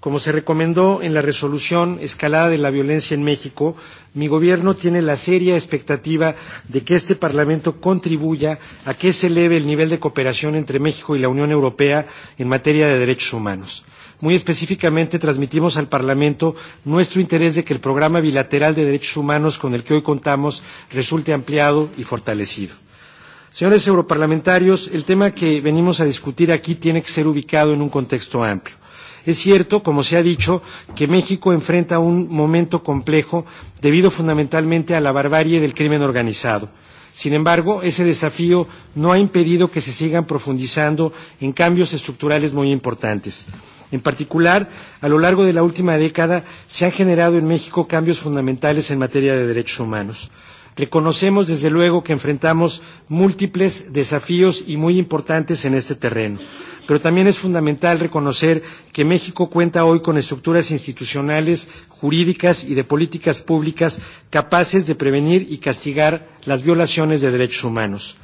Como se recomendó en la resolución escalada de la violencia en México, mi gobierno tiene la seria expectativa de que este Parlamento contribuya a que se eleve el nivel de cooperación entre México y la Unión Europea en materia de derechos humanos. Muy específicamente transmitimos al Parlamento nuestro interés de que el programa bilateral de derechos humanos con el que hoy contamos resulte ampliado y fortalecido. Señores europarlamentarios, el tema que venimos a discutir aquí tiene que ser ubicado en un contexto amplio Es cierto, como se ha dicho, que México enfrenta un momento complejo debido fundamentalmente a la barbarie del crimen organizado. Sin embargo, ese desafío no ha impedido que se sigan profundizando en cambios estructurales muy importantes. En particular, a lo largo de la última década se han generado en México cambios fundamentales en materia de derechos humanos. Reconocemos desde luego que enfrentamos múltiples desafíos y muy importantes en este terreno pero también es fundamental reconocer que México cuenta hoy con estructuras institucionales, jurídicas y de políticas públicas capaces de prevenir y castigar las violaciones de derechos humanos.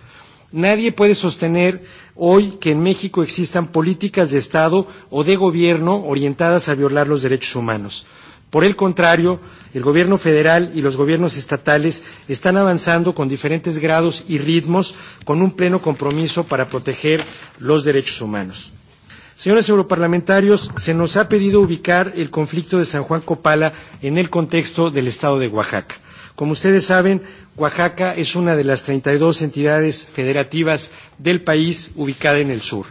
Nadie puede sostener hoy que en México existan políticas de Estado o de Gobierno orientadas a violar los derechos humanos. Por el contrario, el gobierno federal y los gobiernos estatales están avanzando con diferentes grados y ritmos con un pleno compromiso para proteger los derechos humanos. Señores europarlamentarios, se nos ha pedido ubicar el conflicto de San Juan Copala en el contexto del estado de Oaxaca. Como ustedes saben, Oaxaca es una de las 32 entidades federativas del país ubicada en el sur.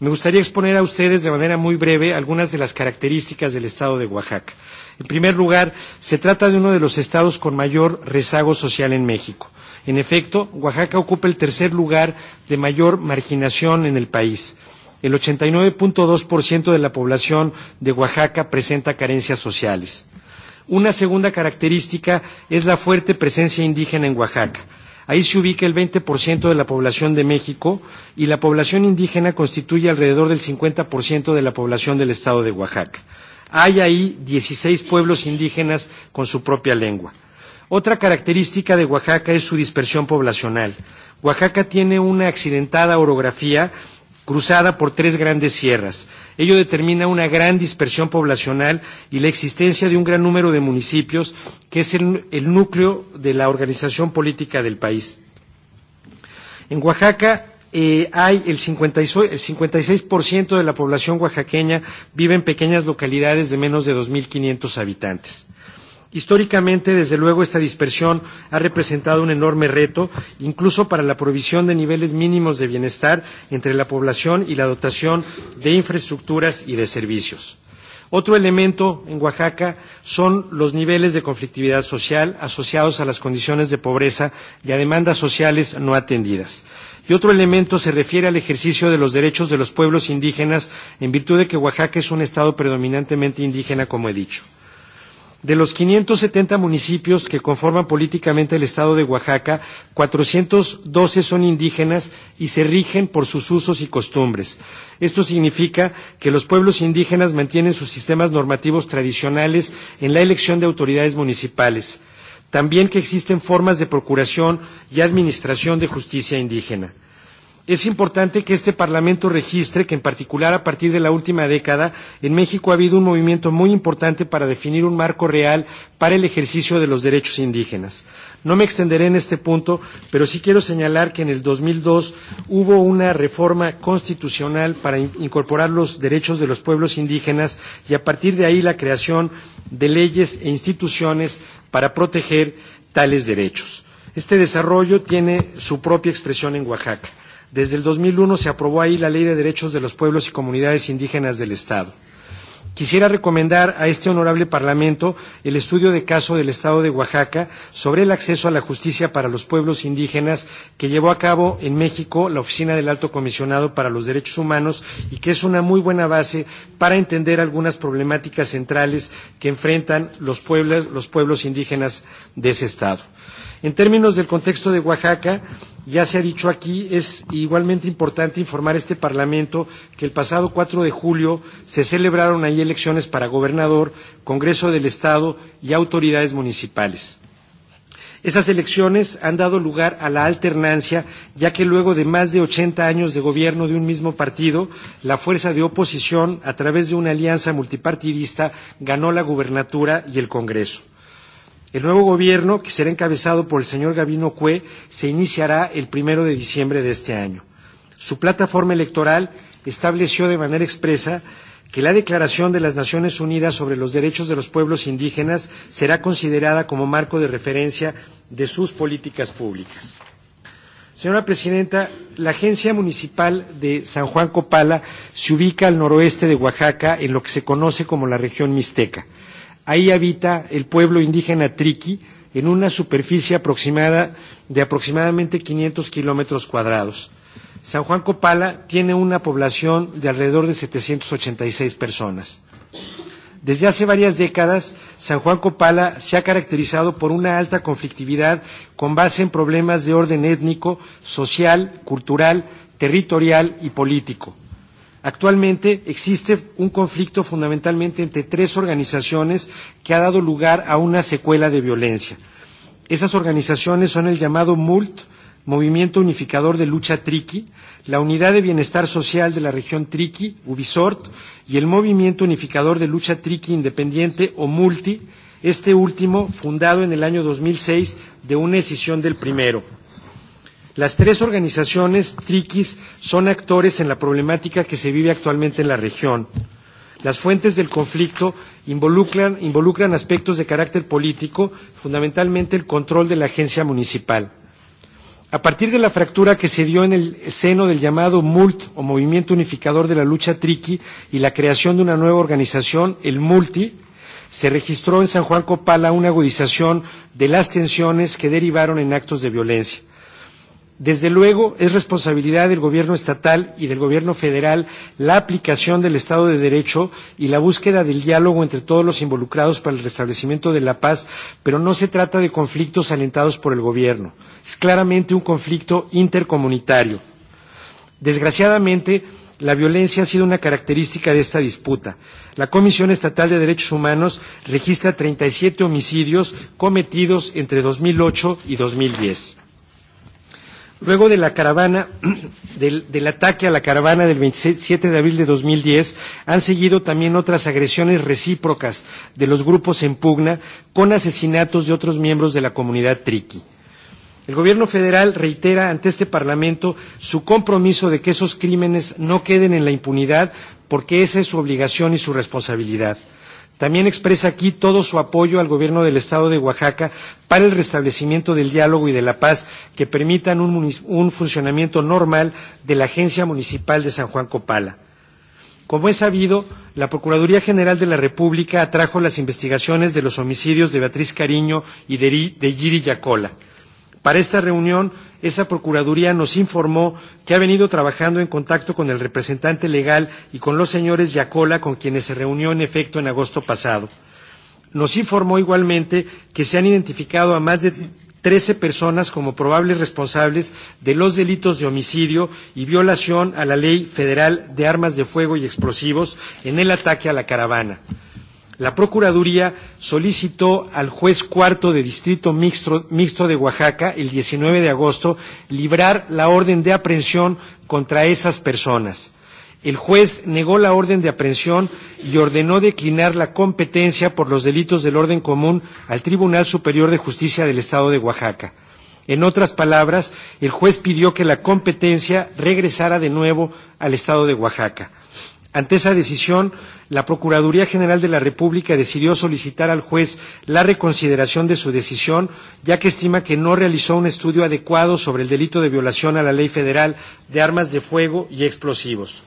Me gustaría exponer a ustedes de manera muy breve algunas de las características del estado de Oaxaca. En primer lugar, se trata de uno de los estados con mayor rezago social en México. En efecto, Oaxaca ocupa el tercer lugar de mayor marginación en el país. El 89.2% de la población de Oaxaca presenta carencias sociales. Una segunda característica es la fuerte presencia indígena en Oaxaca Ahí se ubica el 20% de la población de México y la población indígena constituye alrededor del 50% de la población del estado de Oaxaca. Hay ahí 16 pueblos indígenas con su propia lengua. Otra característica de Oaxaca es su dispersión poblacional. Oaxaca tiene una accidentada orografía cruzada por tres grandes sierras. Ello determina una gran dispersión poblacional y la existencia de un gran número de municipios, que es el, el núcleo de la organización política del país. En Oaxaca eh, hay el 56%, el 56 de la población oaxaqueña vive en pequeñas localidades de menos de 2.500 habitantes. Históricamente, desde luego, esta dispersión ha representado un enorme reto, incluso para la provisión de niveles mínimos de bienestar entre la población y la dotación de infraestructuras y de servicios. Otro elemento en Oaxaca son los niveles de conflictividad social asociados a las condiciones de pobreza y a demandas sociales no atendidas. Y otro elemento se refiere al ejercicio de los derechos de los pueblos indígenas en virtud de que Oaxaca es un estado predominantemente indígena, como he dicho. De los 570 municipios que conforman políticamente el estado de Oaxaca, 412 son indígenas y se rigen por sus usos y costumbres. Esto significa que los pueblos indígenas mantienen sus sistemas normativos tradicionales en la elección de autoridades municipales. También que existen formas de procuración y administración de justicia indígena. Es importante que este Parlamento registre que, en particular a partir de la última década, en México ha habido un movimiento muy importante para definir un marco real para el ejercicio de los derechos indígenas. No me extenderé en este punto, pero sí quiero señalar que en el 2002 hubo una reforma constitucional para incorporar los derechos de los pueblos indígenas y a partir de ahí la creación de leyes e instituciones para proteger tales derechos. Este desarrollo tiene su propia expresión en Oaxaca. Desde el 2001 se aprobó ahí la Ley de Derechos de los Pueblos y Comunidades Indígenas del Estado. Quisiera recomendar a este honorable Parlamento el estudio de caso del Estado de Oaxaca sobre el acceso a la justicia para los pueblos indígenas que llevó a cabo en México la Oficina del Alto Comisionado para los Derechos Humanos y que es una muy buena base para entender algunas problemáticas centrales que enfrentan los pueblos, los pueblos indígenas de ese Estado. En términos del contexto de Oaxaca, ya se ha dicho aquí, es igualmente importante informar a este Parlamento que el pasado 4 de julio se celebraron ahí elecciones para gobernador, Congreso del Estado y autoridades municipales. Esas elecciones han dado lugar a la alternancia, ya que luego de más de 80 años de gobierno de un mismo partido, la fuerza de oposición, a través de una alianza multipartidista, ganó la gubernatura y el Congreso. El nuevo gobierno, que será encabezado por el señor Gabino Cue, se iniciará el primero de diciembre de este año. Su plataforma electoral estableció de manera expresa que la Declaración de las Naciones Unidas sobre los Derechos de los Pueblos Indígenas será considerada como marco de referencia de sus políticas públicas. Señora Presidenta, la Agencia Municipal de San Juan Copala se ubica al noroeste de Oaxaca, en lo que se conoce como la región mixteca. Ahí habita el pueblo indígena Triqui en una superficie aproximada de aproximadamente 500 kilómetros cuadrados. San Juan Copala tiene una población de alrededor de 786 personas. Desde hace varias décadas, San Juan Copala se ha caracterizado por una alta conflictividad con base en problemas de orden étnico, social, cultural, territorial y político. Actualmente existe un conflicto fundamentalmente entre tres organizaciones que ha dado lugar a una secuela de violencia. Esas organizaciones son el llamado MULT, Movimiento Unificador de Lucha Triqui, la Unidad de Bienestar Social de la Región Triqui, Ubisort, y el Movimiento Unificador de Lucha Triqui Independiente o MULTI, este último fundado en el año 2006 de una decisión del primero. Las tres organizaciones triquis son actores en la problemática que se vive actualmente en la región. Las fuentes del conflicto involucran, involucran aspectos de carácter político, fundamentalmente el control de la agencia municipal. A partir de la fractura que se dio en el seno del llamado MULT o Movimiento Unificador de la Lucha Triqui y la creación de una nueva organización, el MULTI, se registró en San Juan Copala una agudización de las tensiones que derivaron en actos de violencia. Desde luego, es responsabilidad del Gobierno estatal y del Gobierno federal la aplicación del Estado de Derecho y la búsqueda del diálogo entre todos los involucrados para el restablecimiento de la paz, pero no se trata de conflictos alentados por el Gobierno. Es claramente un conflicto intercomunitario. Desgraciadamente, la violencia ha sido una característica de esta disputa. La Comisión Estatal de Derechos Humanos registra 37 homicidios cometidos entre 2008 y 2010. Luego de la caravana, del, del ataque a la caravana del 27 de abril de 2010, han seguido también otras agresiones recíprocas de los grupos en pugna con asesinatos de otros miembros de la comunidad triqui. El gobierno federal reitera ante este Parlamento su compromiso de que esos crímenes no queden en la impunidad porque esa es su obligación y su responsabilidad. También expresa aquí todo su apoyo al gobierno del Estado de Oaxaca para el restablecimiento del diálogo y de la paz que permitan un, un funcionamiento normal de la Agencia Municipal de San Juan Copala. Como es sabido, la Procuraduría General de la República atrajo las investigaciones de los homicidios de Beatriz Cariño y de, de Giri Yacola. Para esta reunión, esa Procuraduría nos informó que ha venido trabajando en contacto con el representante legal y con los señores Yacola, con quienes se reunió en efecto en agosto pasado. Nos informó igualmente que se han identificado a más de trece personas como probables responsables de los delitos de homicidio y violación a la Ley Federal de Armas de Fuego y Explosivos en el ataque a la caravana la Procuraduría solicitó al juez cuarto de Distrito Mixto, Mixto de Oaxaca, el 19 de agosto, librar la orden de aprehensión contra esas personas. El juez negó la orden de aprehensión y ordenó declinar la competencia por los delitos del orden común al Tribunal Superior de Justicia del Estado de Oaxaca. En otras palabras, el juez pidió que la competencia regresara de nuevo al Estado de Oaxaca. Ante esa decisión, la Procuraduría General de la República decidió solicitar al juez la reconsideración de su decisión, ya que estima que no realizó un estudio adecuado sobre el delito de violación a la ley federal de armas de fuego y explosivos.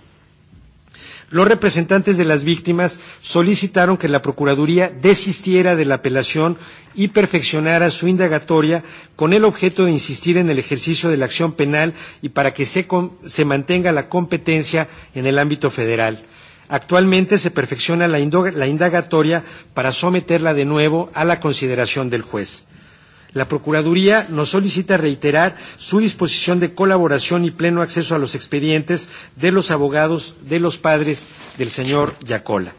Los representantes de las víctimas solicitaron que la Procuraduría desistiera de la apelación y perfeccionara su indagatoria con el objeto de insistir en el ejercicio de la acción penal y para que se, se mantenga la competencia en el ámbito federal. Actualmente se perfecciona la, la indagatoria para someterla de nuevo a la consideración del juez. La Procuraduría nos solicita reiterar su disposición de colaboración y pleno acceso a los expedientes de los abogados de los padres del señor Yacola.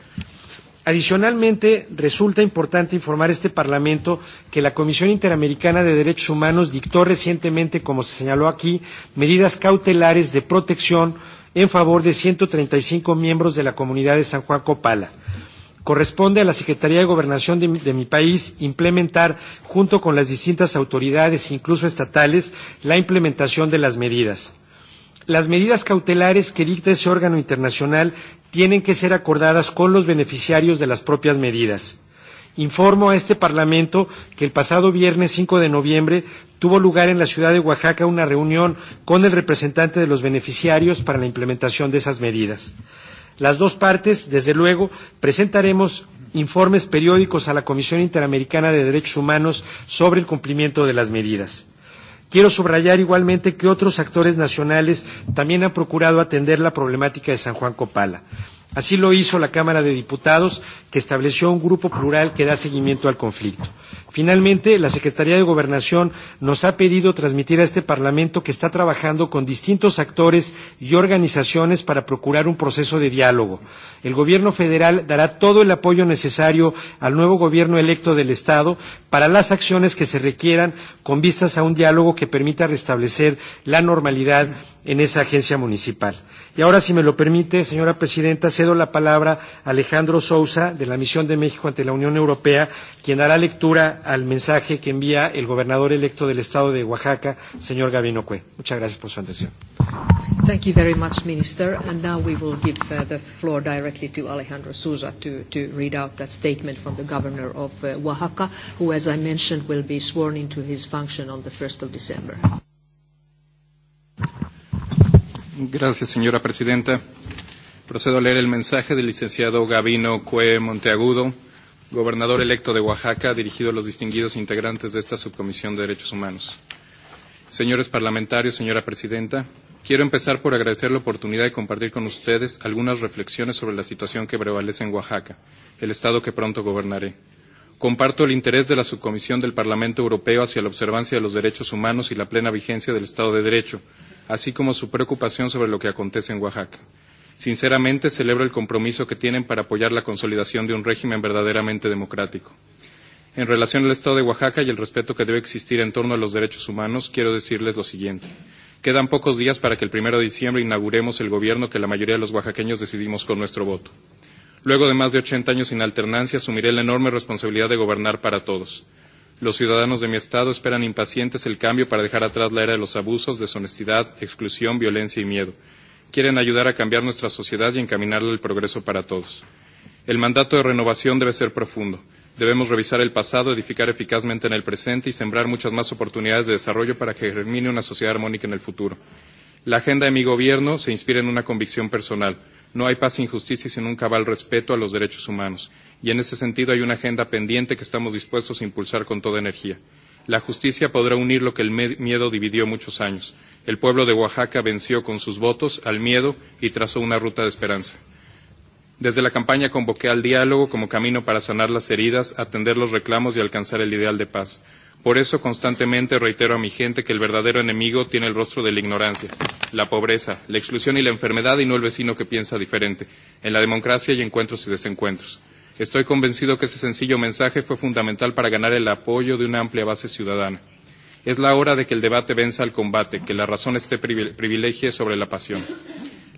Adicionalmente, resulta importante informar a este Parlamento que la Comisión Interamericana de Derechos Humanos dictó recientemente, como se señaló aquí, medidas cautelares de protección en favor de 135 miembros de la comunidad de San Juan Copala. Corresponde a la Secretaría de Gobernación de, de mi país implementar, junto con las distintas autoridades, incluso estatales, la implementación de las medidas. Las medidas cautelares que dicta ese órgano internacional tienen que ser acordadas con los beneficiarios de las propias medidas. Informo a este Parlamento que el pasado viernes 5 de noviembre tuvo lugar en la ciudad de Oaxaca una reunión con el representante de los beneficiarios para la implementación de esas medidas. Las dos partes, desde luego, presentaremos informes periódicos a la Comisión Interamericana de Derechos Humanos sobre el cumplimiento de las medidas. Quiero subrayar igualmente que otros actores nacionales también han procurado atender la problemática de San Juan Copala. Así lo hizo la Cámara de Diputados, que estableció un grupo plural que da seguimiento al conflicto. Finalmente, la Secretaría de Gobernación nos ha pedido transmitir a este Parlamento que está trabajando con distintos actores y organizaciones para procurar un proceso de diálogo. El Gobierno federal dará todo el apoyo necesario al nuevo Gobierno electo del Estado para las acciones que se requieran con vistas a un diálogo que permita restablecer la normalidad en esa agencia municipal. Y ahora, si me lo permite, señora presidenta, cedo la palabra a Alejandro Sousa, de la Misión de México ante la Unión Europea, quien dará lectura al mensaje que envía el gobernador electo del estado de Oaxaca, señor Gabino Cue. Muchas gracias por su atención. Thank you very much, Minister. And now we will give uh, the floor directly to Alejandro Souza to, to read out that statement from the governor of uh, Oaxaca, who, as I mentioned, will be sworn into his function on the 1st of December. Gracias, señora presidenta. Procedo a leer el mensaje del licenciado Gavino Cue Monteagudo, gobernador electo de Oaxaca, dirigido a los distinguidos integrantes de esta subcomisión de derechos humanos. Señores parlamentarios, señora presidenta, quiero empezar por agradecer la oportunidad de compartir con ustedes algunas reflexiones sobre la situación que prevalece en Oaxaca, el estado que pronto gobernaré. Comparto el interés de la subcomisión del Parlamento Europeo hacia la observancia de los derechos humanos y la plena vigencia del Estado de Derecho, así como su preocupación sobre lo que acontece en Oaxaca. Sinceramente, celebro el compromiso que tienen para apoyar la consolidación de un régimen verdaderamente democrático. En relación al Estado de Oaxaca y el respeto que debe existir en torno a los derechos humanos, quiero decirles lo siguiente. Quedan pocos días para que el primero de diciembre inauguremos el gobierno que la mayoría de los oaxaqueños decidimos con nuestro voto. Luego de más de ochenta años sin alternancia, asumiré la enorme responsabilidad de gobernar para todos. Los ciudadanos de mi Estado esperan impacientes el cambio para dejar atrás la era de los abusos, deshonestidad, exclusión, violencia y miedo. Quieren ayudar a cambiar nuestra sociedad y encaminarla al progreso para todos. El mandato de renovación debe ser profundo. Debemos revisar el pasado, edificar eficazmente en el presente y sembrar muchas más oportunidades de desarrollo para que germine una sociedad armónica en el futuro. La agenda de mi gobierno se inspira en una convicción personal No hay paz sin justicia y sin un cabal respeto a los derechos humanos. Y en ese sentido hay una agenda pendiente que estamos dispuestos a impulsar con toda energía. La justicia podrá unir lo que el miedo dividió muchos años. El pueblo de Oaxaca venció con sus votos al miedo y trazó una ruta de esperanza. Desde la campaña convoqué al diálogo como camino para sanar las heridas, atender los reclamos y alcanzar el ideal de paz. Por eso constantemente reitero a mi gente que el verdadero enemigo tiene el rostro de la ignorancia, la pobreza, la exclusión y la enfermedad y no el vecino que piensa diferente. En la democracia hay encuentros y desencuentros. Estoy convencido que ese sencillo mensaje fue fundamental para ganar el apoyo de una amplia base ciudadana. Es la hora de que el debate venza al combate, que la razón esté privilegie sobre la pasión.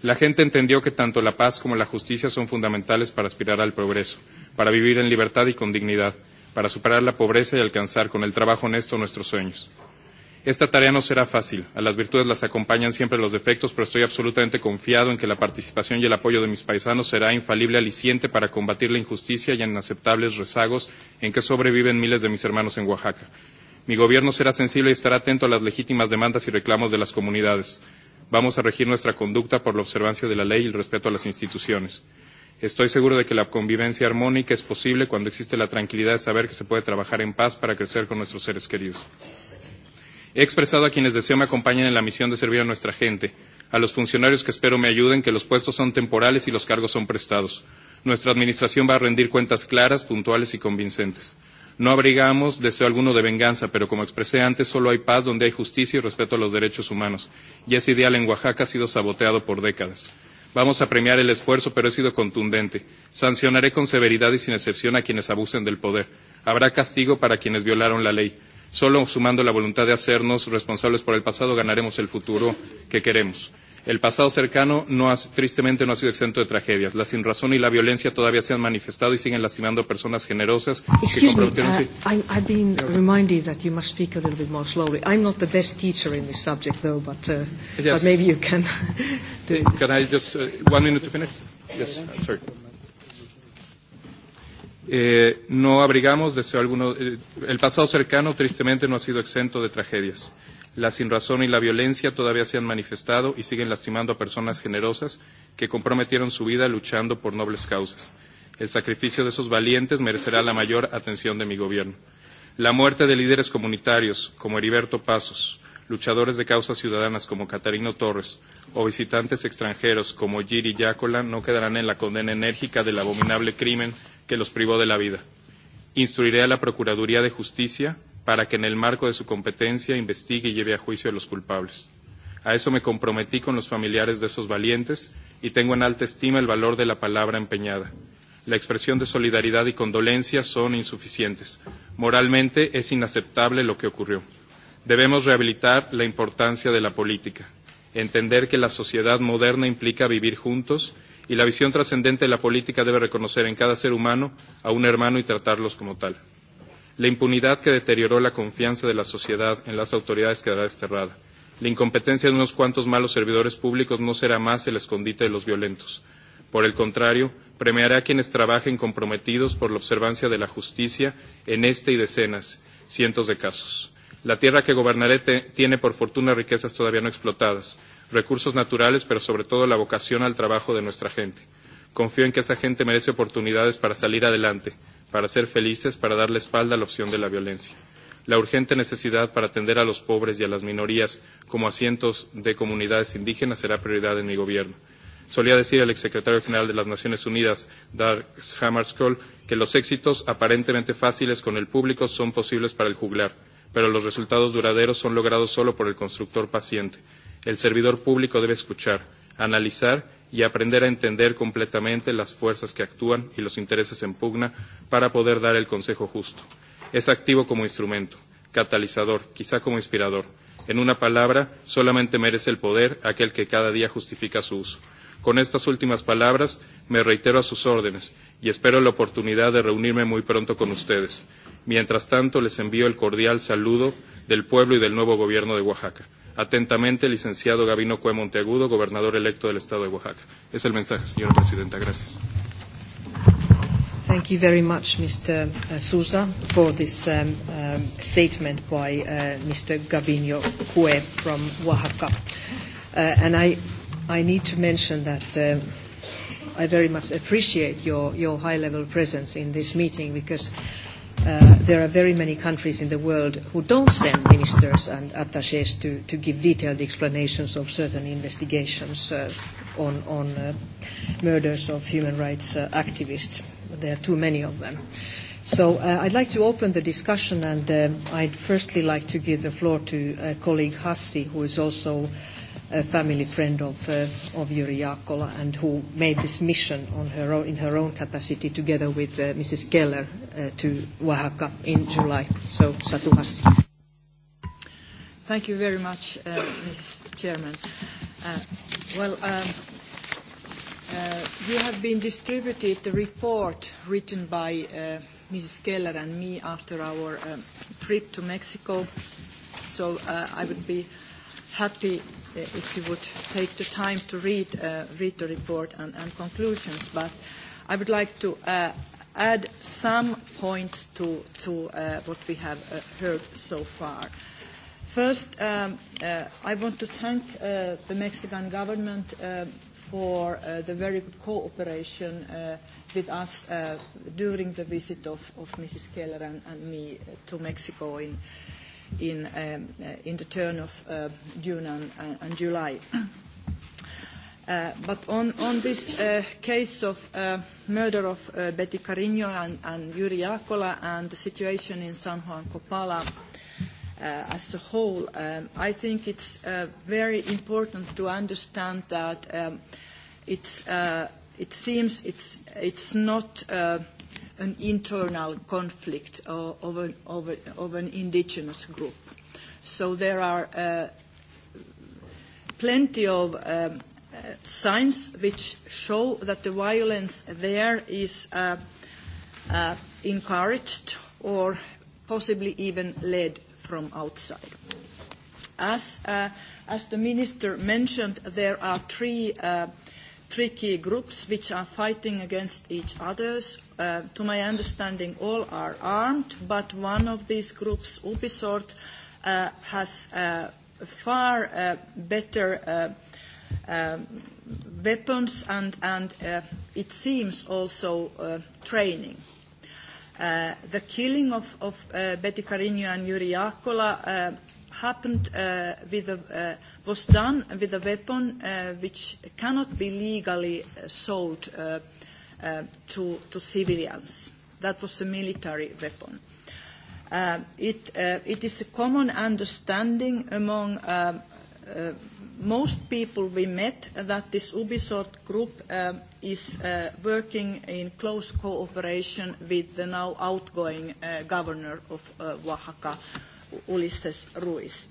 La gente entendió que tanto la paz como la justicia son fundamentales para aspirar al progreso, para vivir en libertad y con dignidad para superar la pobreza y alcanzar con el trabajo honesto nuestros sueños. Esta tarea no será fácil. A las virtudes las acompañan siempre los defectos, pero estoy absolutamente confiado en que la participación y el apoyo de mis paisanos será infalible aliciente para combatir la injusticia y inaceptables rezagos en que sobreviven miles de mis hermanos en Oaxaca. Mi gobierno será sensible y estará atento a las legítimas demandas y reclamos de las comunidades. Vamos a regir nuestra conducta por la observancia de la ley y el respeto a las instituciones. Estoy seguro de que la convivencia armónica es posible cuando existe la tranquilidad de saber que se puede trabajar en paz para crecer con nuestros seres queridos. He expresado a quienes deseo me acompañen en la misión de servir a nuestra gente, a los funcionarios que espero me ayuden, que los puestos son temporales y los cargos son prestados. Nuestra Administración va a rendir cuentas claras, puntuales y convincentes. No abrigamos deseo alguno de venganza, pero como expresé antes, solo hay paz donde hay justicia y respeto a los derechos humanos, y ese ideal en Oaxaca ha sido saboteado por décadas. Vamos a premiar el esfuerzo, pero he sido contundente. Sancionaré con severidad y sin excepción a quienes abusen del poder. Habrá castigo para quienes violaron la ley. Solo sumando la voluntad de hacernos responsables por el pasado ganaremos el futuro que queremos. El pasado cercano, no ha, tristemente, no ha sido exento de tragedias. La sinrazón y la violencia todavía se han manifestado y siguen lastimando a personas generosas not the best teacher in this subject, though, but, uh, but maybe you can just... one minute to finish? Eh, no abrigamos deseo alguno. Eh, el pasado cercano, tristemente, no ha sido exento de tragedias la sinrazón y la violencia todavía se han manifestado y siguen lastimando a personas generosas que comprometieron su vida luchando por nobles causas. El sacrificio de esos valientes merecerá la mayor atención de mi gobierno. La muerte de líderes comunitarios como Heriberto Pasos, luchadores de causas ciudadanas como Catarino Torres o visitantes extranjeros como Giri Yacola no quedarán en la condena enérgica del abominable crimen que los privó de la vida. Instruiré a la Procuraduría de Justicia para que en el marco de su competencia investigue y lleve a juicio a los culpables. A eso me comprometí con los familiares de esos valientes y tengo en alta estima el valor de la palabra empeñada. La expresión de solidaridad y condolencia son insuficientes. Moralmente es inaceptable lo que ocurrió. Debemos rehabilitar la importancia de la política, entender que la sociedad moderna implica vivir juntos y la visión trascendente de la política debe reconocer en cada ser humano a un hermano y tratarlos como tal la impunidad que deterioró la confianza de la sociedad en las autoridades quedará desterrada. La incompetencia de unos cuantos malos servidores públicos no será más el escondite de los violentos. Por el contrario, premiará a quienes trabajen comprometidos por la observancia de la justicia en este y decenas, cientos de casos. La tierra que gobernaré tiene por fortuna riquezas todavía no explotadas, recursos naturales, pero sobre todo la vocación al trabajo de nuestra gente. Confío en que esa gente merece oportunidades para salir adelante, para ser felices, para dar la espalda a la opción de la violencia. La urgente necesidad para atender a los pobres y a las minorías como asientos de comunidades indígenas será prioridad en mi gobierno. Solía decir el exsecretario general de las Naciones Unidas, Dark Hammarskjöld, que los éxitos aparentemente fáciles con el público son posibles para el juglar, pero los resultados duraderos son logrados solo por el constructor paciente. El servidor público debe escuchar, analizar y aprender a entender completamente las fuerzas que actúan y los intereses en pugna para poder dar el consejo justo. Es activo como instrumento, catalizador, quizá como inspirador. En una palabra, solamente merece el poder aquel que cada día justifica su uso. Con estas últimas palabras, me reitero a sus órdenes y espero la oportunidad de reunirme muy pronto con ustedes. Mientras tanto, les envío el cordial saludo del pueblo y del nuevo gobierno de Oaxaca. Atentamente, licenciado Gabino Cue Monteagudo, gobernador electo del Estado de Oaxaca. Es el mensaje, señora presidenta. Gracias. Thank you very much, Mr. Sousa, for this um, um, statement by uh, Mr. Gabino Cue from Oaxaca. Uh, and I, I need to mention that uh, I very much appreciate your, your high-level presence in this meeting because uh, there are very many countries in the world who don't send ministers and attaches to, to give detailed explanations of certain investigations uh, on, on uh, murders of human rights uh, activists. There are too many of them. So uh, I'd like to open the discussion, and um, I'd firstly like to give the floor to a colleague Hassi, who is also a family friend of, uh, of Yuri Yakola and who made this mission on her own, in her own capacity together with uh, Mrs. Keller uh, to Oaxaca in July. So, Satu Thank you very much, uh, Mrs. Chairman. Uh, well, um, uh, you have been distributed the report written by uh, Mrs. Keller and me after our um, trip to Mexico. So uh, I would be uh, happy if you would take the time to read, the report and, conclusions, but I would like to add some points to, what we have heard so far. First, I want to thank the Mexican government for the very good cooperation with us during the visit of, Mrs. Keller and, me to Mexico in in the turn of June and July. But on this case of murder of Betty Cariño and Yuri Jaakkola and the situation in San Juan Copala as a whole, I think it's very important to understand that it seems it's not an internal conflict of, an, of, a, of an indigenous group. So there are uh, plenty of um, signs which show that the violence there is uh, uh, encouraged or possibly even led from outside. As, uh, as the minister mentioned, there are three uh, three key groups which are fighting against each other. to my understanding, all are armed, but one of these groups, Ubisoft, has far better weapons and, and it seems also training. the killing of, of Betty Carino and Yuri Akola happened with a was done with a weapon uh, which cannot be legally sold uh, uh, to, to civilians. That was a military weapon. Uh, it, uh, it is a common understanding among uh, uh, most people we met that this Ubisoft group uh, is uh, working in close cooperation with the now outgoing uh, governor of uh, Oaxaca, Ulises Ruiz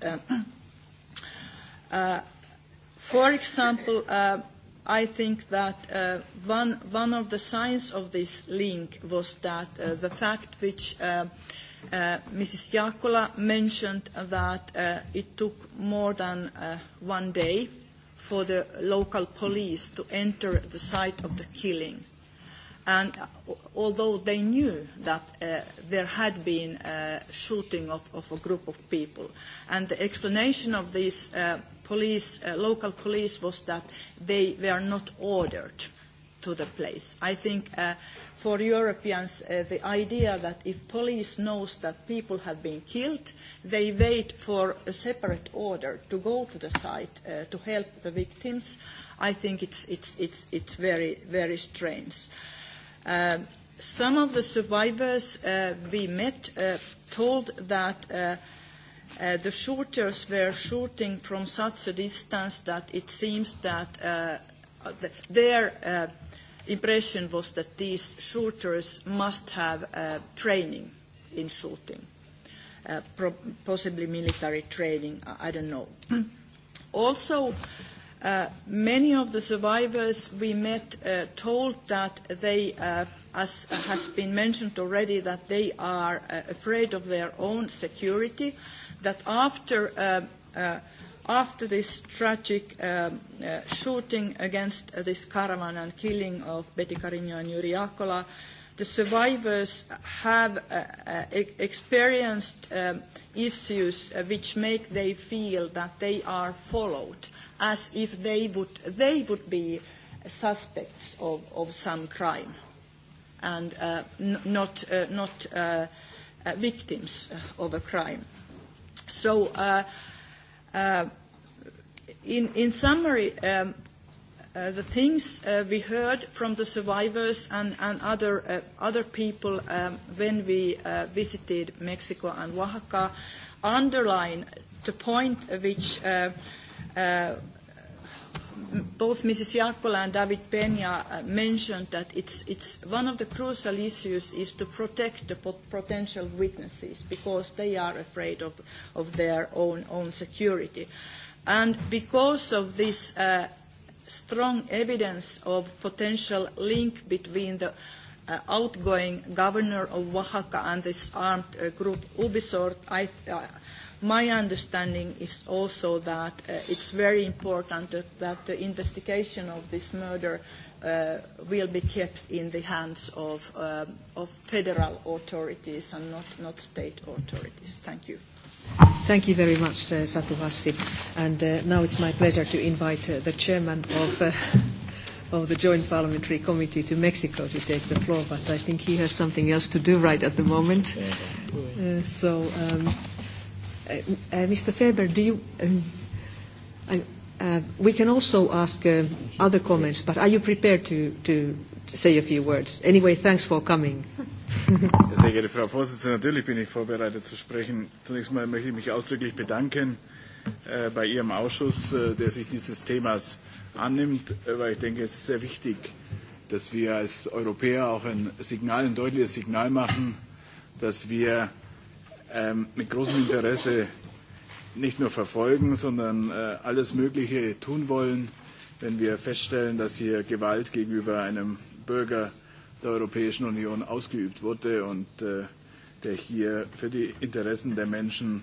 for example, uh, I think that uh, one, one of the signs of this link was that uh, the fact which uh, uh, Mrs. Jakola mentioned that uh, it took more than uh, one day for the local police to enter the site of the killing. And uh although they knew that uh, there had been a shooting of, of a group of people, and the explanation of this uh, police, uh, local police was that they were not ordered to the place. I think uh, for Europeans, uh, the idea that if police knows that people have been killed, they wait for a separate order to go to the site uh, to help the victims, I think it's, it's, it's, it's very, very strange. some of the survivors uh, we met uh, told that uh, the shooters were shooting from such a distance that it seems that their impression was that these shooters must have training in shooting, possibly military training, I don't know. Also, many of the survivors we met told that they, as has been mentioned already, that they are afraid of their own security that after uh, uh, after this tragic uh, uh, shooting against uh, this caravan and killing of Betty Carino and Yuri Akola, the survivors have uh, uh, experienced um, issues uh, which make they feel that they are followed, as if they would, they would be suspects of, of some crime and uh, n- not, uh, not uh, uh, victims of a crime So uh, uh, in, in summary, um, uh, the things uh, we heard from the survivors and, and other, uh, other people um, when we uh, visited Mexico and Oaxaca underline the point which uh, uh, both Mrs. Jaakkola and David Peña mentioned that it's, it's one of the crucial issues is to protect the potential witnesses because they are afraid of, of their own, own security. And because of this uh, strong evidence of potential link between the uh, outgoing governor of Oaxaca and this armed uh, group Ubisoft, I, uh, My understanding is also that uh, it's very important that, that the investigation of this murder uh, will be kept in the hands of, uh, of federal authorities and not, not state authorities. Thank you. Thank you very much, uh, Satu Hassi. And uh, now it's my pleasure to invite uh, the chairman of, uh, of the Joint Parliamentary Committee to Mexico to take the floor, but I think he has something else to do right at the moment. Uh, so. Um, Uh, Mr. Faber, do you? Um, I, uh, we can also ask uh, other comments, but are you prepared to, to say a few words? Anyway, thanks for coming. Sehr geehrte Frau Vorsitzende, natürlich bin ich vorbereitet zu sprechen. Zunächst mal möchte ich mich ausdrücklich bedanken äh, bei Ihrem Ausschuss, äh, der sich dieses Themas annimmt, weil ich denke, es ist sehr wichtig, dass wir als Europäer auch ein Signal, ein deutliches Signal machen, dass wir mit großem Interesse nicht nur verfolgen, sondern alles Mögliche tun wollen, wenn wir feststellen, dass hier Gewalt gegenüber einem Bürger der Europäischen Union ausgeübt wurde und der hier für die Interessen der Menschen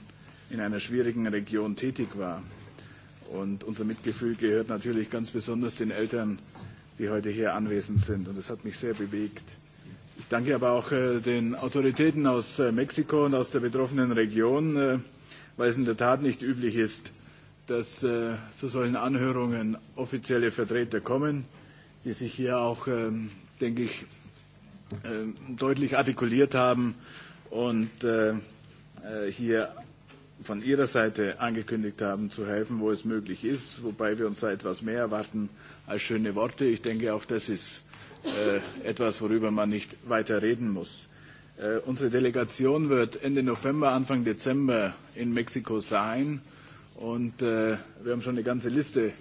in einer schwierigen Region tätig war. Und unser Mitgefühl gehört natürlich ganz besonders den Eltern, die heute hier anwesend sind. Und das hat mich sehr bewegt. Ich danke aber auch den Autoritäten aus Mexiko und aus der betroffenen Region, weil es in der Tat nicht üblich ist, dass zu solchen Anhörungen offizielle Vertreter kommen, die sich hier auch, denke ich, deutlich artikuliert haben und hier von Ihrer Seite angekündigt haben, zu helfen, wo es möglich ist, wobei wir uns da etwas mehr erwarten als schöne Worte. Ich denke, auch das ist etwas, worüber man nicht weiter reden muss. Unsere Delegation wird Ende November, Anfang Dezember in Mexiko sein. Und wir haben schon eine ganze Liste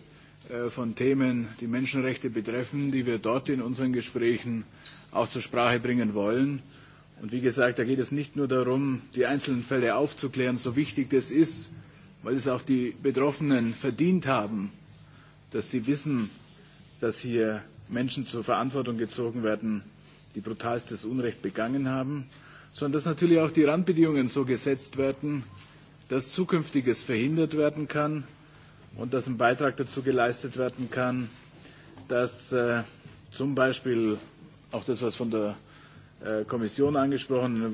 von Themen, die Menschenrechte betreffen, die wir dort in unseren Gesprächen auch zur Sprache bringen wollen. Und wie gesagt, da geht es nicht nur darum, die einzelnen Fälle aufzuklären, so wichtig das ist, weil es auch die Betroffenen verdient haben, dass sie wissen, dass hier Menschen zur Verantwortung gezogen werden, die brutalstes Unrecht begangen haben, sondern dass natürlich auch die Randbedingungen so gesetzt werden, dass Zukünftiges verhindert werden kann und dass ein Beitrag dazu geleistet werden kann, dass zum Beispiel auch das, was von der Kommission angesprochene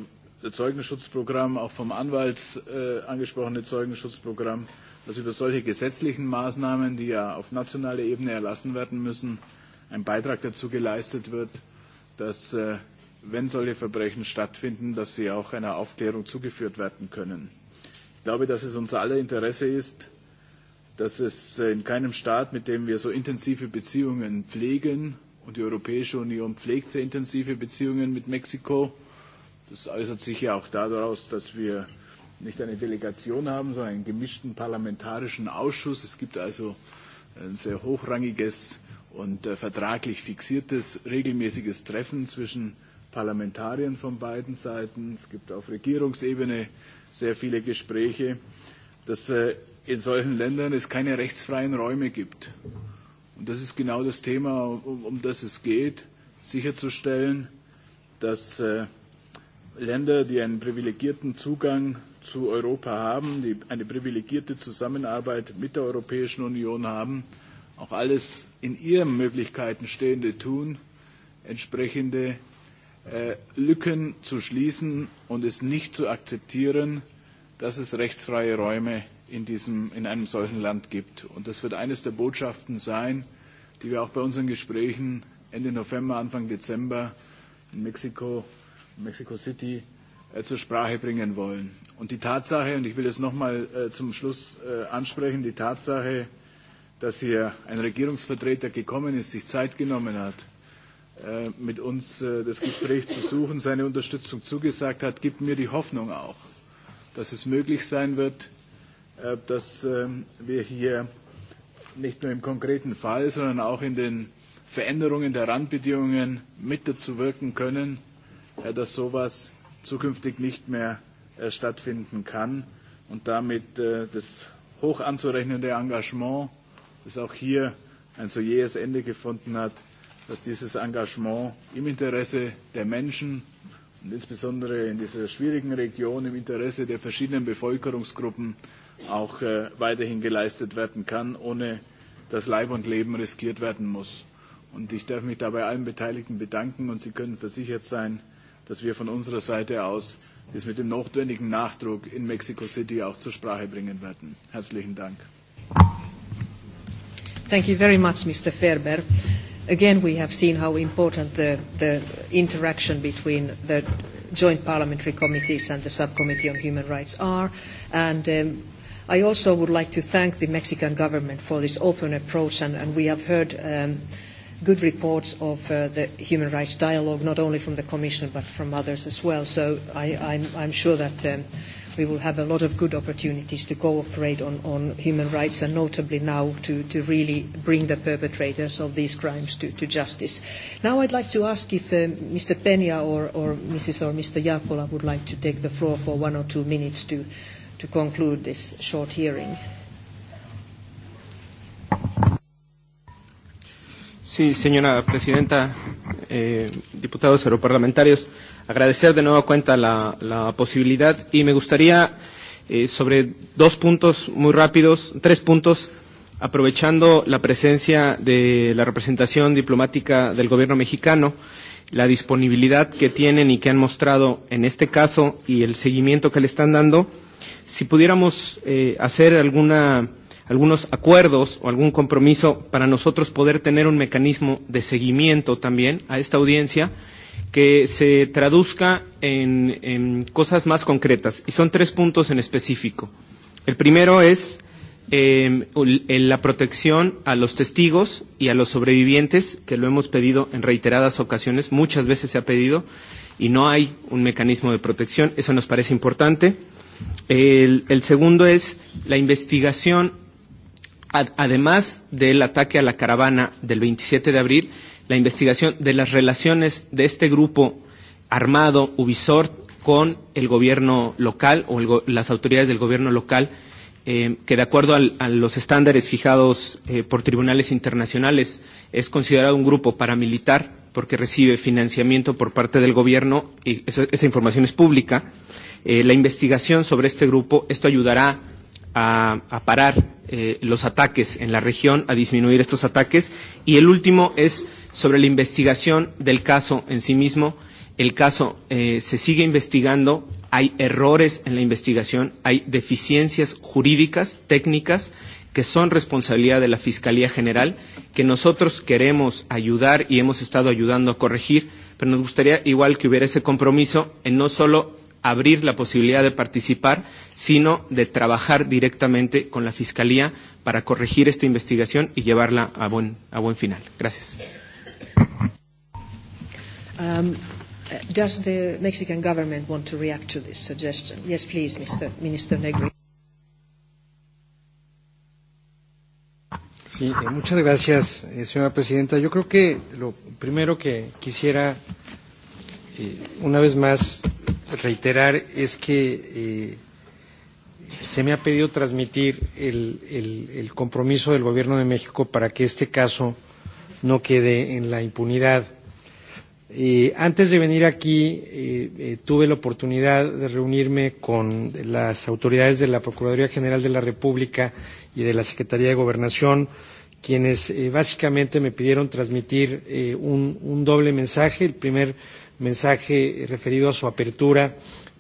Zeugenschutzprogramm, auch vom Anwalt angesprochene Zeugenschutzprogramm, dass über solche gesetzlichen Maßnahmen, die ja auf nationaler Ebene erlassen werden müssen, ein Beitrag dazu geleistet wird, dass, wenn solche Verbrechen stattfinden, dass sie auch einer Aufklärung zugeführt werden können. Ich glaube, dass es unser aller Interesse ist, dass es in keinem Staat, mit dem wir so intensive Beziehungen pflegen, und die Europäische Union pflegt sehr intensive Beziehungen mit Mexiko, das äußert sich ja auch daraus, dass wir nicht eine Delegation haben, sondern einen gemischten parlamentarischen Ausschuss. Es gibt also ein sehr hochrangiges und vertraglich fixiertes regelmäßiges Treffen zwischen Parlamentariern von beiden Seiten. Es gibt auf Regierungsebene sehr viele Gespräche, dass in solchen Ländern es keine rechtsfreien Räume gibt. Und das ist genau das Thema, um, das es geht, sicherzustellen, dass Länder, die einen privilegierten Zugang zu Europa haben, die eine privilegierte Zusammenarbeit mit der Europäischen Union haben, auch alles in ihren Möglichkeiten Stehende tun, entsprechende Lücken zu schließen und es nicht zu akzeptieren, dass es rechtsfreie Räume in, einem solchen Land gibt. Und das wird eines der Botschaften sein, die wir auch bei unseren Gesprächen Ende November, Anfang Dezember in Mexiko, Mexico City zur Sprache bringen wollen. Und die Tatsache, und ich will das nochmal äh, zum Schluss ansprechen, die Tatsache, dass hier ein Regierungsvertreter gekommen ist, sich Zeit genommen hat, mit uns das Gespräch zu suchen, seine Unterstützung zugesagt hat, gibt mir die Hoffnung auch, dass es möglich sein wird, dass wir hier nicht nur im konkreten Fall, sondern auch in den Veränderungen der Randbedingungen mit dazu wirken können, dass so etwas zukünftig nicht mehr stattfinden kann und damit das hoch anzurechnende Engagement dass auch hier ein so jähes Ende gefunden hat, dass dieses Engagement im Interesse der Menschen und insbesondere in dieser schwierigen Region im Interesse der verschiedenen Bevölkerungsgruppen auch weiterhin geleistet werden kann, ohne dass Leib und Leben riskiert werden muss. Und ich darf mich dabei allen Beteiligten bedanken und Sie können versichert sein, dass wir von unserer Seite aus dies mit dem notwendigen Nachdruck in Mexico City auch zur Sprache bringen werden. Herzlichen Dank. Thank you very much, Mr. Ferber. Again, we have seen how important the, the interaction between the joint parliamentary committees and the subcommittee on human rights are. And um, I also would like to thank the Mexican government for this open approach, and, and we have heard um, good reports of uh, the human rights dialogue, not only from the Commission but from others as well. So I, I'm, I'm sure that. Um, we will have a lot of good opportunities to cooperate on, on human rights and notably now to, to really bring the perpetrators of these crimes to, to justice. Now I'd like to ask if uh, Mr. Peña or, or Mrs. or Mr. Jakola would like to take the floor for one or two minutes to, to conclude this short hearing. Sí, señora presidenta, eh, diputados europarlamentarios agradecer de nuevo cuenta la, la posibilidad y me gustaría eh, sobre dos puntos muy rápidos, tres puntos, aprovechando la presencia de la representación diplomática del gobierno mexicano, la disponibilidad que tienen y que han mostrado en este caso y el seguimiento que le están dando, si pudiéramos eh, hacer alguna algunos acuerdos o algún compromiso para nosotros poder tener un mecanismo de seguimiento también a esta audiencia que se traduzca en, en cosas más concretas. Y son tres puntos en específico. El primero es eh, la protección a los testigos y a los sobrevivientes, que lo hemos pedido en reiteradas ocasiones, muchas veces se ha pedido, y no hay un mecanismo de protección, eso nos parece importante. El, el segundo es la investigación además del ataque a la caravana del 27 de abril, la investigación de las relaciones de este grupo armado Ubisoft con el gobierno local o el, las autoridades del gobierno local, eh, que de acuerdo al, a los estándares fijados eh, por tribunales internacionales es considerado un grupo paramilitar porque recibe financiamiento por parte del gobierno y eso, esa información es pública. Eh, la investigación sobre este grupo, esto ayudará a a, a parar eh, los ataques en la región, a disminuir estos ataques. Y el último es sobre la investigación del caso en sí mismo. El caso eh, se sigue investigando, hay errores en la investigación, hay deficiencias jurídicas, técnicas, que son responsabilidad de la Fiscalía General, que nosotros queremos ayudar y hemos estado ayudando a corregir, pero nos gustaría igual que hubiera ese compromiso en no solo abrir la posibilidad de participar, sino de trabajar directamente con la Fiscalía para corregir esta investigación y llevarla a buen, a buen final. Gracias. Um, does the Mexican government want to react to this suggestion? Yes, please, Mr. Minister Negri. Sí, muchas gracias, señora presidenta. Yo creo que lo primero que quisiera, eh, una vez más, reiterar es que eh, se me ha pedido transmitir el, el, el compromiso del Gobierno de México para que este caso no quede en la impunidad. Eh, antes de venir aquí, eh, eh, tuve la oportunidad de reunirme con las autoridades de la Procuraduría General de la República y de la Secretaría de Gobernación, quienes eh, básicamente me pidieron transmitir eh, un, un doble mensaje. El primer mensaje referido a su apertura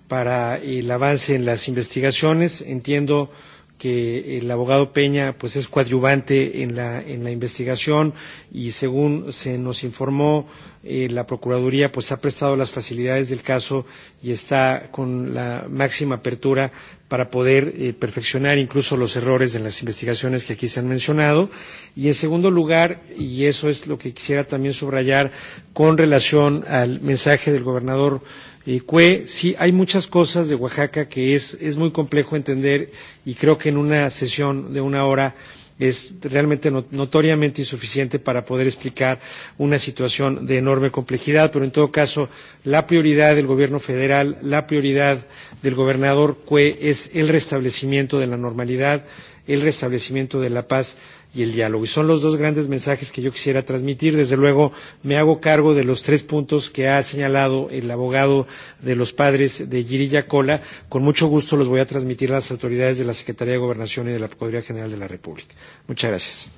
para el avance en las investigaciones. Entiendo que el abogado Peña pues es coadyuvante en la, en la investigación y según se nos informó eh, la Procuraduría pues ha prestado las facilidades del caso y está con la máxima apertura para poder eh, perfeccionar incluso los errores en las investigaciones que aquí se han mencionado. Y en segundo lugar, y eso es lo que quisiera también subrayar con relación al mensaje del gobernador eh, Cue, sí hay muchas cosas de Oaxaca que es, es muy complejo entender y creo que en una sesión de una hora es realmente notoriamente insuficiente para poder explicar una situación de enorme complejidad, pero en todo caso la prioridad del gobierno federal, la prioridad del gobernador Cue es el restablecimiento de la normalidad, el restablecimiento de la paz y el diálogo. Y son los dos grandes mensajes que yo quisiera transmitir. Desde luego, me hago cargo de los tres puntos que ha señalado el abogado de los padres de Girilla Cola. Con mucho gusto los voy a transmitir a las autoridades de la Secretaría de Gobernación y de la Procuraduría General de la República. Muchas gracias.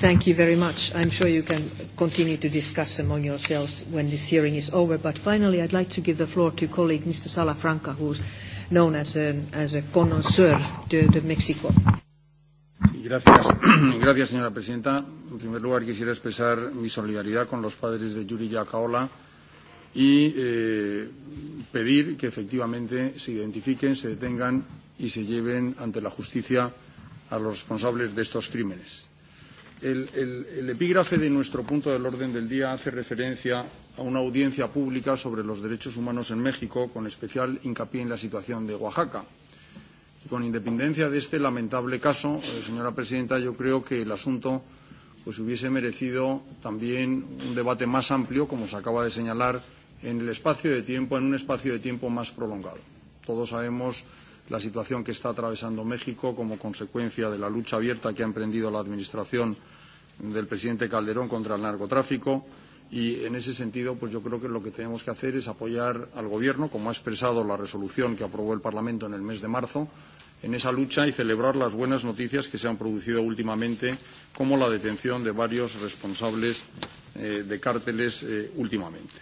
Thank you very much. I'm sure you can continue to discuss among yourselves when this hearing is over. But finally, I'd like to give the floor to colleague Mr. Salafranca, who's known as a, as a connoisseur de, de Mexico señora presidenta. En primer lugar, quisiera expresar mi solidaridad con los padres de Yuri Yacaola y pedir que efectivamente se identifiquen, se detengan y se lleven ante la justicia a los responsables de estos crímenes. El, epígrafe de nuestro punto del orden del día hace referencia a una audiencia pública sobre los derechos humanos en México, con especial hincapié en la situación de Oaxaca con independencia de este lamentable caso, señora presidenta, yo creo que el asunto pues hubiese merecido también un debate más amplio, como se acaba de señalar, en el espacio de tiempo, en un espacio de tiempo más prolongado. Todos sabemos la situación que está atravesando México como consecuencia de la lucha abierta que ha emprendido la administración del presidente Calderón contra el narcotráfico. Y en ese sentido, pues yo creo que lo que tenemos que hacer es apoyar al Gobierno, como ha expresado la resolución que aprobó el Parlamento en el mes de marzo, en esa lucha y celebrar las buenas noticias que se han producido últimamente, como la detención de varios responsables de cárteles últimamente.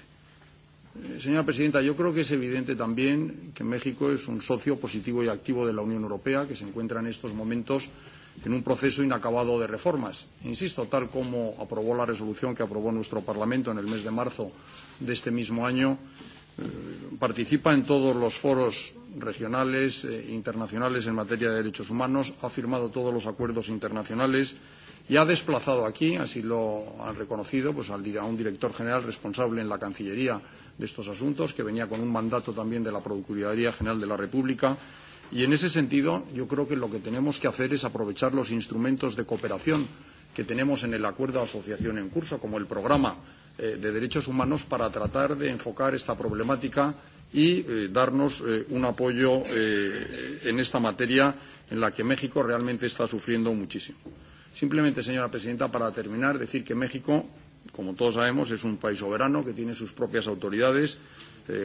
Señora presidenta, yo creo que es evidente también que México es un socio positivo y activo de la Unión Europea, que se encuentra en estos momentos en un proceso inacabado de reformas. Insisto, tal como aprobó la resolución que aprobó nuestro Parlamento en el mes de marzo de este mismo año, participa en todos los foros regionales e internacionales en materia de derechos humanos, ha firmado todos los acuerdos internacionales y ha desplazado aquí, así lo han reconocido, pues a un director general responsable en la Cancillería de estos asuntos, que venía con un mandato también de la Procuraduría General de la República, Y en ese sentido, yo creo que lo que tenemos que hacer es aprovechar los instrumentos de cooperación que tenemos en el acuerdo de asociación en curso, como el programa de derechos humanos, para tratar de enfocar esta problemática y darnos un apoyo en esta materia en la que México realmente está sufriendo muchísimo. Simplemente, señora presidenta, para terminar, decir que México, como todos sabemos, es un país soberano que tiene sus propias autoridades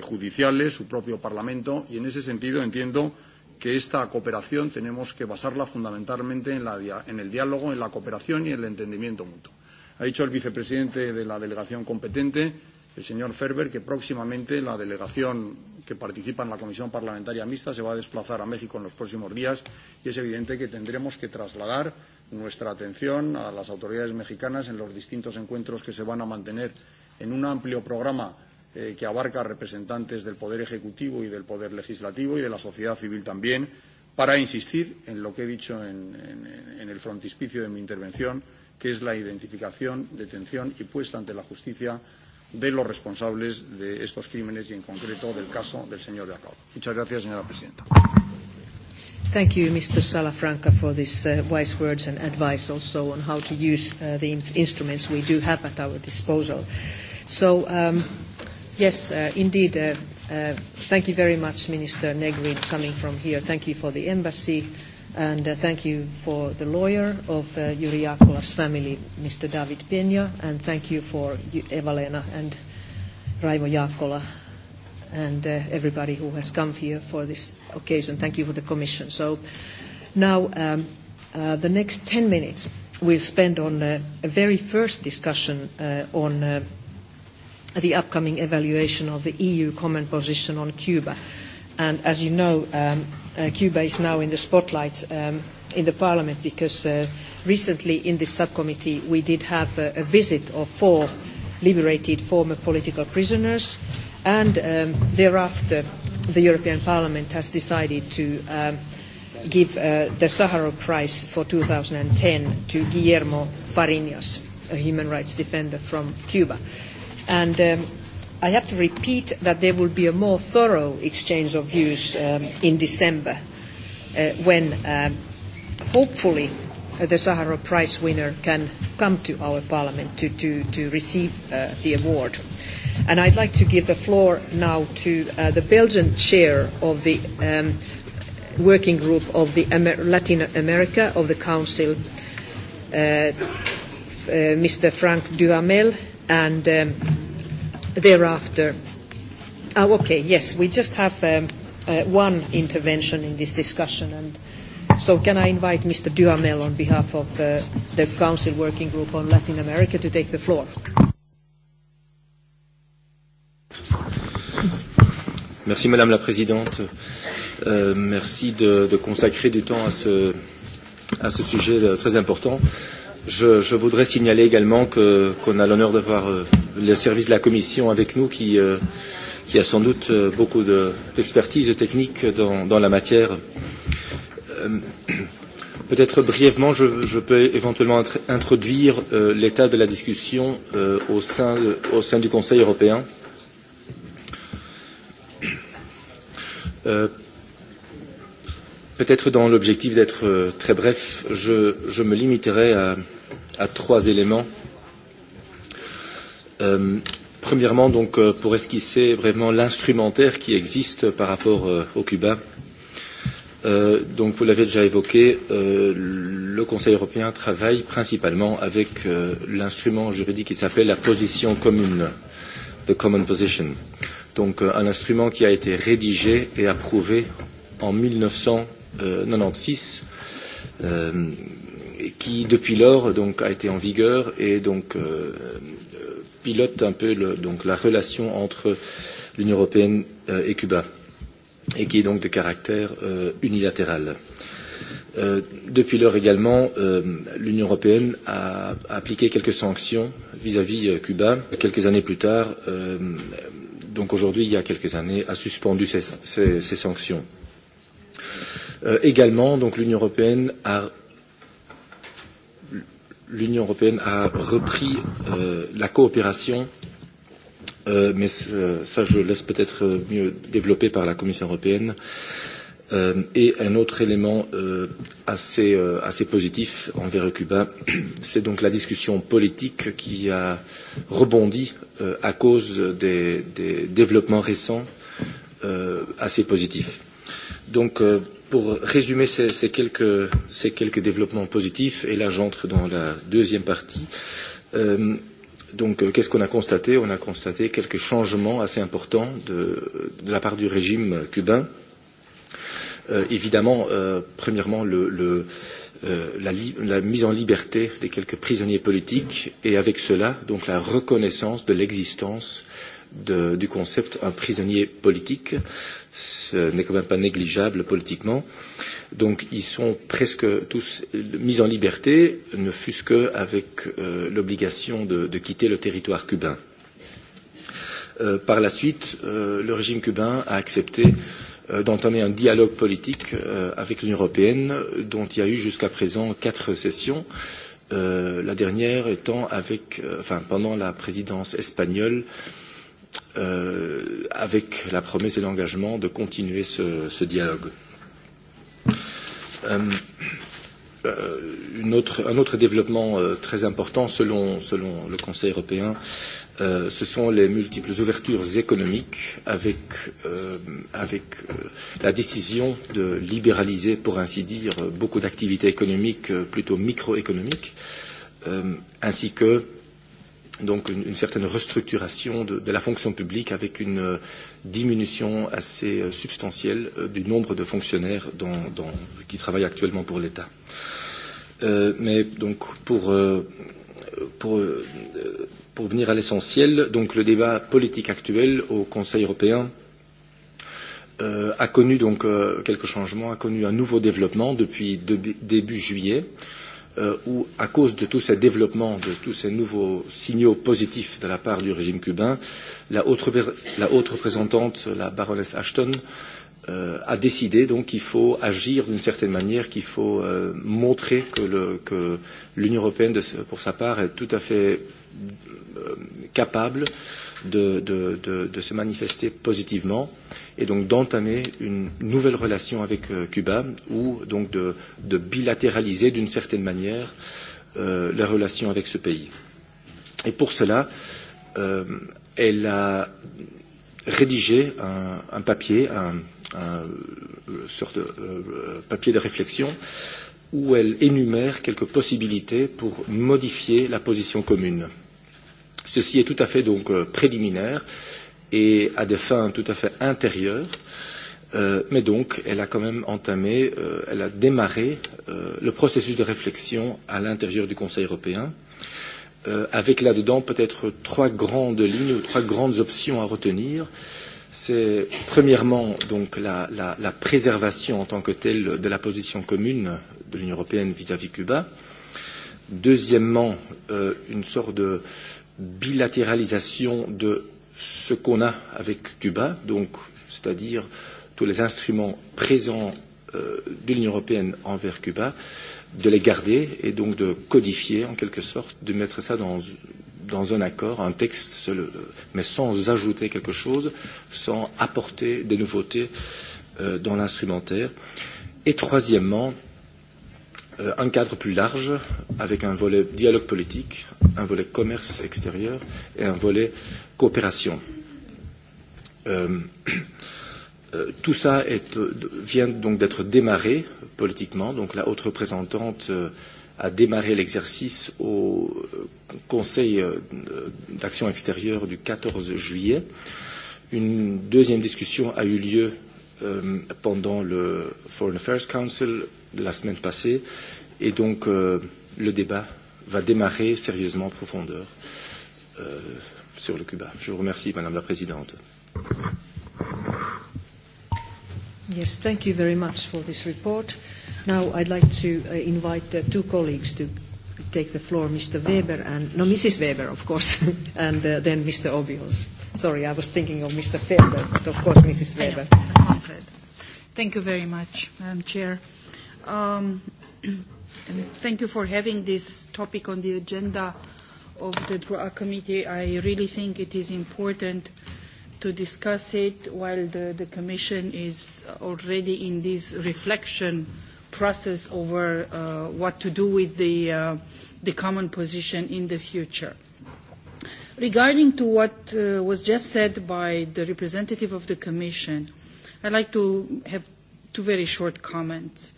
judiciales, su propio Parlamento, y en ese sentido entiendo que que esta cooperación tenemos que basarla fundamentalmente en, la, en el diálogo, en la cooperación y en el entendimiento mutuo. Ha dicho el vicepresidente de la delegación competente, el señor Ferber, que próximamente la delegación que participa en la Comisión Parlamentaria Mixta se va a desplazar a México en los próximos días y es evidente que tendremos que trasladar nuestra atención a las autoridades mexicanas en los distintos encuentros que se van a mantener en un amplio programa eh, que abarca representantes del Poder Ejecutivo y del Poder Legislativo y de la sociedad civil también, para insistir en lo que he dicho en, en, en el frontispicio de mi intervención, que es la identificación, detención y puesta ante la justicia de los responsables de estos crímenes y, en concreto, del caso del señor Jacob. Muchas gracias, señora presidenta. Thank you, Mr. Salafranca, for these uh, wise words and advice also on how to use uh, the instruments we do have at our disposal. So. Um, Yes, uh, indeed. Uh, uh, thank you very much, Minister Negrin, coming from here. Thank you for the embassy, and uh, thank you for the lawyer of uh, Yuri Jakola's family, Mr. David Pena, and thank you for Evalena and Raivo Jaakola and uh, everybody who has come here for this occasion. Thank you for the Commission. So now um, uh, the next 10 minutes we'll spend on uh, a very first discussion uh, on uh, the upcoming evaluation of the EU common position on Cuba. And as you know, um, uh, Cuba is now in the spotlight um, in the Parliament because uh, recently in this subcommittee we did have a, a visit of four liberated former political prisoners and um, thereafter the European Parliament has decided to um, give uh, the Sakharov Prize for 2010 to Guillermo Farinas, a human rights defender from Cuba. And um, I have to repeat that there will be a more thorough exchange of views um, in December uh, when um, hopefully the Sahara Prize winner can come to our parliament to, to, to receive uh, the award. And I'd like to give the floor now to uh, the Belgian chair of the um, working group of the Amer- Latin America of the Council, uh, uh, Mr. Frank Duhamel and um, thereafter. Oh, okay, yes, we just have um, uh, one intervention in this discussion, and so can I invite Mr. Duhamel on behalf of uh, the Council Working Group on Latin America to take the floor? Merci Madame la Présidente. Euh, merci de, de consacrer du temps à ce, à ce sujet très important. Euh, Je, je voudrais signaler également que, qu a l'honneur d'avoir le service de la Commission avec nous qui, qui a sans doute beaucoup d'expertise de, technique dans, dans la matière. Peut-être brièvement, je, je peux éventuellement introduire l'état de la discussion au, sein au sein du Conseil européen. Euh, Peut-être dans l'objectif d'être très bref, je, je me limiterai à, à trois éléments. Euh, premièrement, donc, pour esquisser brièvement l'instrumentaire qui existe par rapport euh, au Cuba. Euh, donc, vous l'avez déjà évoqué, euh, le Conseil européen travaille principalement avec euh, l'instrument juridique qui s'appelle la position commune, the common position. Donc, un instrument qui a été rédigé et approuvé en 1900 euh, 96 euh, qui depuis lors donc a été en vigueur et donc euh, pilote un peu le, donc la relation entre l'Union européenne euh, et Cuba et qui est donc de caractère euh, unilatéral. Euh, depuis lors également, euh, l'Union européenne a, a appliqué quelques sanctions vis-à-vis -vis, euh, Cuba. Quelques années plus tard, euh, donc aujourd'hui il y a quelques années, a suspendu ces, ces, ces sanctions. Euh, également, donc l'Union européenne a l'Union européenne a repris la coopération, mais ça je laisse peut-être mieux développer par la Commission européenne. et un autre élément assez, positif envers Cuba, c'est donc la discussion politique qui a rebondi à cause des, développements récents assez positifs. Donc pour résumer ces, ces, quelques, ces quelques développements positifs, et là j'entre dans la deuxième partie. Euh, donc, qu'est-ce qu'on a constaté On a constaté quelques changements assez importants de, de la part du régime cubain. Euh, évidemment, euh, premièrement, le, le, euh, la, la mise en liberté des quelques prisonniers politiques et avec cela, donc la reconnaissance de l'existence de, du concept un prisonnier politique. Ce n'est quand même pas négligeable politiquement. Donc ils sont presque tous mis en liberté, ne fût-ce qu'avec euh, l'obligation de, de quitter le territoire cubain. Euh, par la suite, euh, le régime cubain a accepté euh, d'entamer un dialogue politique euh, avec l'Union européenne, dont il y a eu jusqu'à présent quatre sessions la dernière étant avec, enfin, pendant la présidence espagnole euh, euh, avec la promesse et l'engagement de continuer ce, ce dialogue. Euh, une autre, un autre développement euh, très important selon, selon le Conseil européen, euh, ce sont les multiples ouvertures économiques avec, euh, avec euh, la décision de libéraliser, pour ainsi dire, beaucoup d'activités économiques, euh, plutôt microéconomiques, euh, ainsi que euh, donc une, une certaine restructuration de, de la fonction publique avec une diminution assez substantielle du nombre de fonctionnaires dans, dans, qui travaillent actuellement pour l'État. Euh, mais donc pour, pour, pour venir à l'essentiel, donc le débat politique actuel au Conseil européen euh, a connu donc euh, quelques changements, a connu un nouveau développement depuis de, début juillet. Euh, où, à cause de tous ces développements, de tous ces nouveaux signaux positifs de la part du régime cubain, la haute, représentante, la baronesse Ashton, a décidé donc qu'il faut agir d'une certaine manière, qu'il faut montrer que l'Union européenne, pour sa part, est tout à fait capable de, de, de, de se manifester positivement et donc d'entamer une nouvelle relation avec euh, Cuba ou donc de, de bilatéraliser d'une certaine manière euh, la relation avec ce pays. Et pour cela, euh, elle a rédigé un, un papier, un, un sorte de euh, papier de réflexion où elle énumère quelques possibilités pour modifier la position commune Ceci est tout à fait donc préliminaire et à des fins tout à fait intérieures, euh, mais donc elle a quand même entamé, euh, elle a démarré euh, le processus de réflexion à l'intérieur du Conseil européen, euh, avec là-dedans peut-être trois grandes lignes ou trois grandes options à retenir. C'est premièrement donc la, la, la préservation en tant que telle de la position commune de l'Union européenne vis-à-vis -vis Cuba. Deuxièmement, euh, une sorte de bilatéralisation de ce qu'on a avec Cuba, donc c'est-à-dire tous les instruments présents de l'Union européenne envers Cuba, de les garder et donc de codifier en quelque sorte, de mettre ça dans, dans un accord, un texte, mais sans ajouter quelque chose, sans apporter des nouveautés dans l'instrumentaire. Et troisièmement, euh, un cadre plus large avec un volet dialogue politique, un volet commerce extérieur et un volet coopération. tout ça vient donc d'être démarré politiquement. Donc la haute représentante a démarré l'exercice au Conseil d'action extérieure du 14 juillet. Une deuxième discussion a eu lieu pendant le Foreign Affairs Council la semaine passée. Et donc, le débat va démarrer sérieusement en profondeur sur le Cuba. Je vous remercie, Madame la Présidente. Yes, thank you very much for this report. Now I'd like to invite two colleagues to take the floor, Mr. Weber and no, Mrs. Weber, of course, and uh, then Mr. Obios. Sorry, I was thinking of Mr. Weber, but of course, Mrs. Weber. Thank you very much, Madam Chair. Um, thank you for having this topic on the agenda of the DROA committee. I really think it is important to discuss it while the, the Commission is already in this reflection uh, process over uh, what to do with the, uh, the common position in the future. Regarding to what uh, was just said by the representative of the Commission, I'd like to have two very short comments.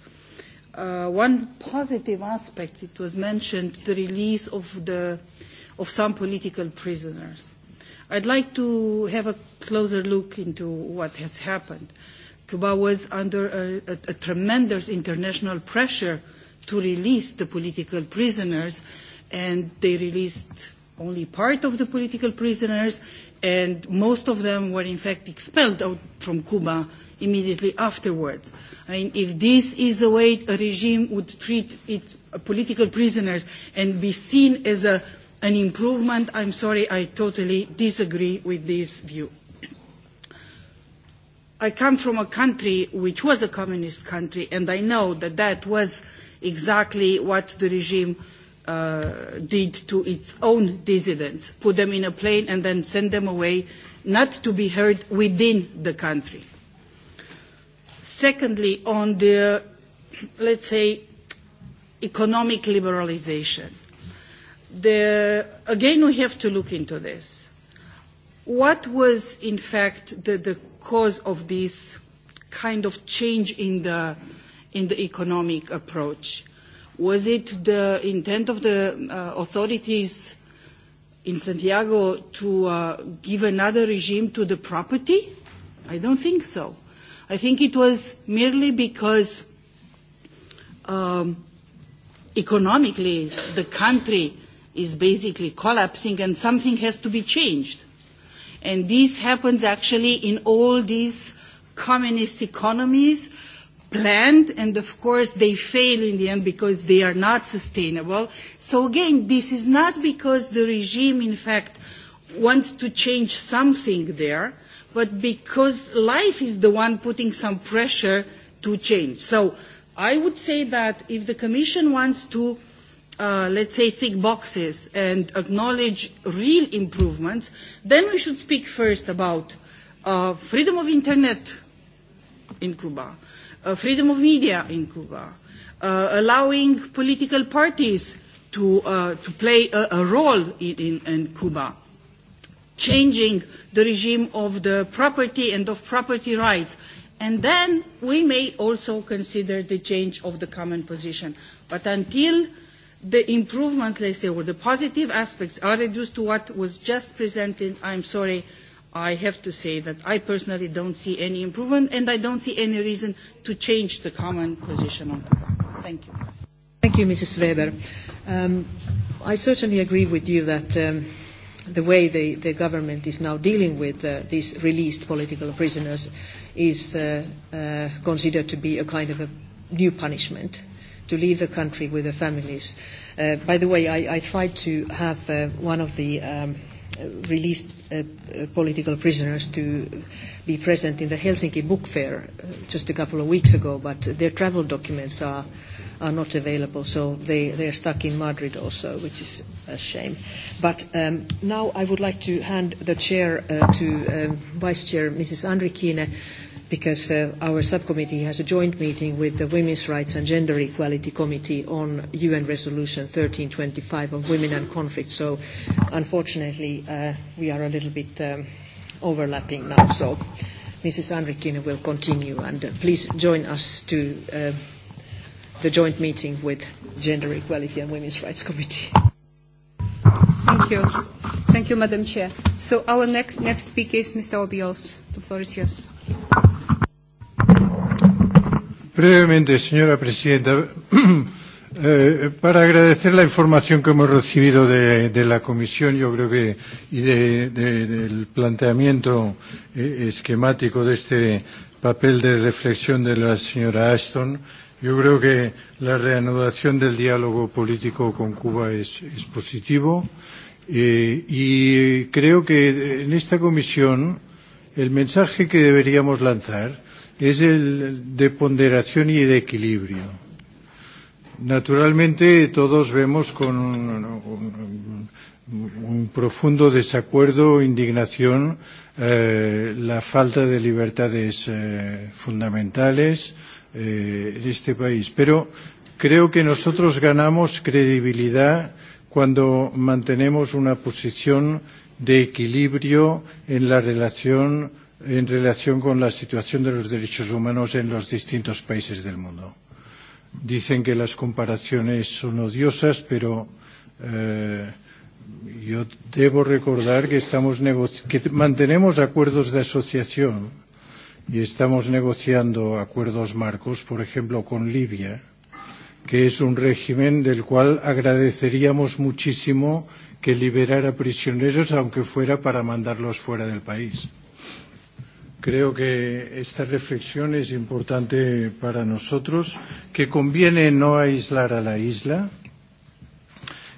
Uh, one positive aspect, it was mentioned, the release of, the, of some political prisoners. I'd like to have a closer look into what has happened. Uh, Cuba was under a, a, a tremendous international pressure to release the political prisoners, and they released only part of the political prisoners, and most of them were in fact expelled out from Cuba immediately afterwards. I mean, if this is the way a regime would treat its political prisoners and be seen as a, an improvement, I'm sorry, I totally disagree with this view. I come from a country which was a communist country, and I know that that was exactly what the regime uh, did to its own dissidents, put them in a plane and then send them away, not to be heard within the country. Secondly, on the, let's say, economic liberalization, the, again, we have to look into this What was, in fact, the, the cause of this kind of change in the, in the economic approach? Was it the intent of the uh, authorities in Santiago to uh, give another regime to the property? I don't think so. I think it was merely because um, economically the country is basically collapsing and something has to be changed. And this happens actually in all these communist economies planned and of course they fail in the end because they are not sustainable. So again, this is not because the regime in fact wants to change something there, but because life is the one putting some pressure to change. So I would say that if the Commission wants to, uh, let's say, tick boxes and acknowledge real improvements, Then we should speak first about uh, freedom of internet in Cuba, uh, freedom of media in Cuba, uh, allowing political parties to, uh, to play a, a role in, in, in Cuba, changing the regime of the property and of property rights. And then we may also consider the change of the common position. But until the improvement, let's say, or the positive aspects are reduced to what was just presented. I'm sorry, I have to say that I personally don't see any improvement, and I don't see any reason to change the common position on Cuba. Thank you. Thank you, Mrs. Weber. Um, I certainly agree with you that um, the way the, the government is now dealing with uh, these released political prisoners is uh, uh, considered to be a kind of a new punishment to leave the country with their families. Uh, by the way, I, I tried to have uh, one of the um, released uh, political prisoners to be present in the Helsinki Book Fair just a couple of weeks ago, but their travel documents are are not available, so they, they are stuck in Madrid also, which is a shame. But um, now I would like to hand the chair uh, to um, Vice Chair Mrs. Andrikine because uh, our subcommittee has a joint meeting with the Women's Rights and Gender Equality Committee on UN Resolution 1325 on women and conflict. So unfortunately, uh, we are a little bit um, overlapping now. So Mrs. Andrikine will continue, and uh, please join us to uh, the joint meeting with Gender Equality and Women's Rights Committee. Thank you. Thank you, Madam Chair. So our next, next speaker is Mr. Obiols. The floor is yours. Brevemente, señora presidenta, eh, para agradecer la información que hemos recibido de, de la Comisión, yo creo que, y de, de, del planteamiento eh, esquemático de este papel de reflexión de la señora Ashton, eh, Yo creo que la reanudación del diálogo político con Cuba es, es positivo eh, y creo que en esta comisión el mensaje que deberíamos lanzar es el de ponderación y de equilibrio. Naturalmente todos vemos con un, un profundo desacuerdo, indignación, eh, la falta de libertades eh, fundamentales, eh, en este país. Pero creo que nosotros ganamos credibilidad cuando mantenemos una posición de equilibrio en la relación en relación con la situación de los derechos humanos en los distintos países del mundo. Dicen que las comparaciones son odiosas, pero eh, yo debo recordar que, estamos que mantenemos acuerdos de asociación y estamos negociando acuerdos marcos, por ejemplo, con Libia, que es un régimen del cual agradeceríamos muchísimo que liberara prisioneros, aunque fuera para mandarlos fuera del país. Creo que esta reflexión es importante para nosotros, que conviene no aislar a la isla,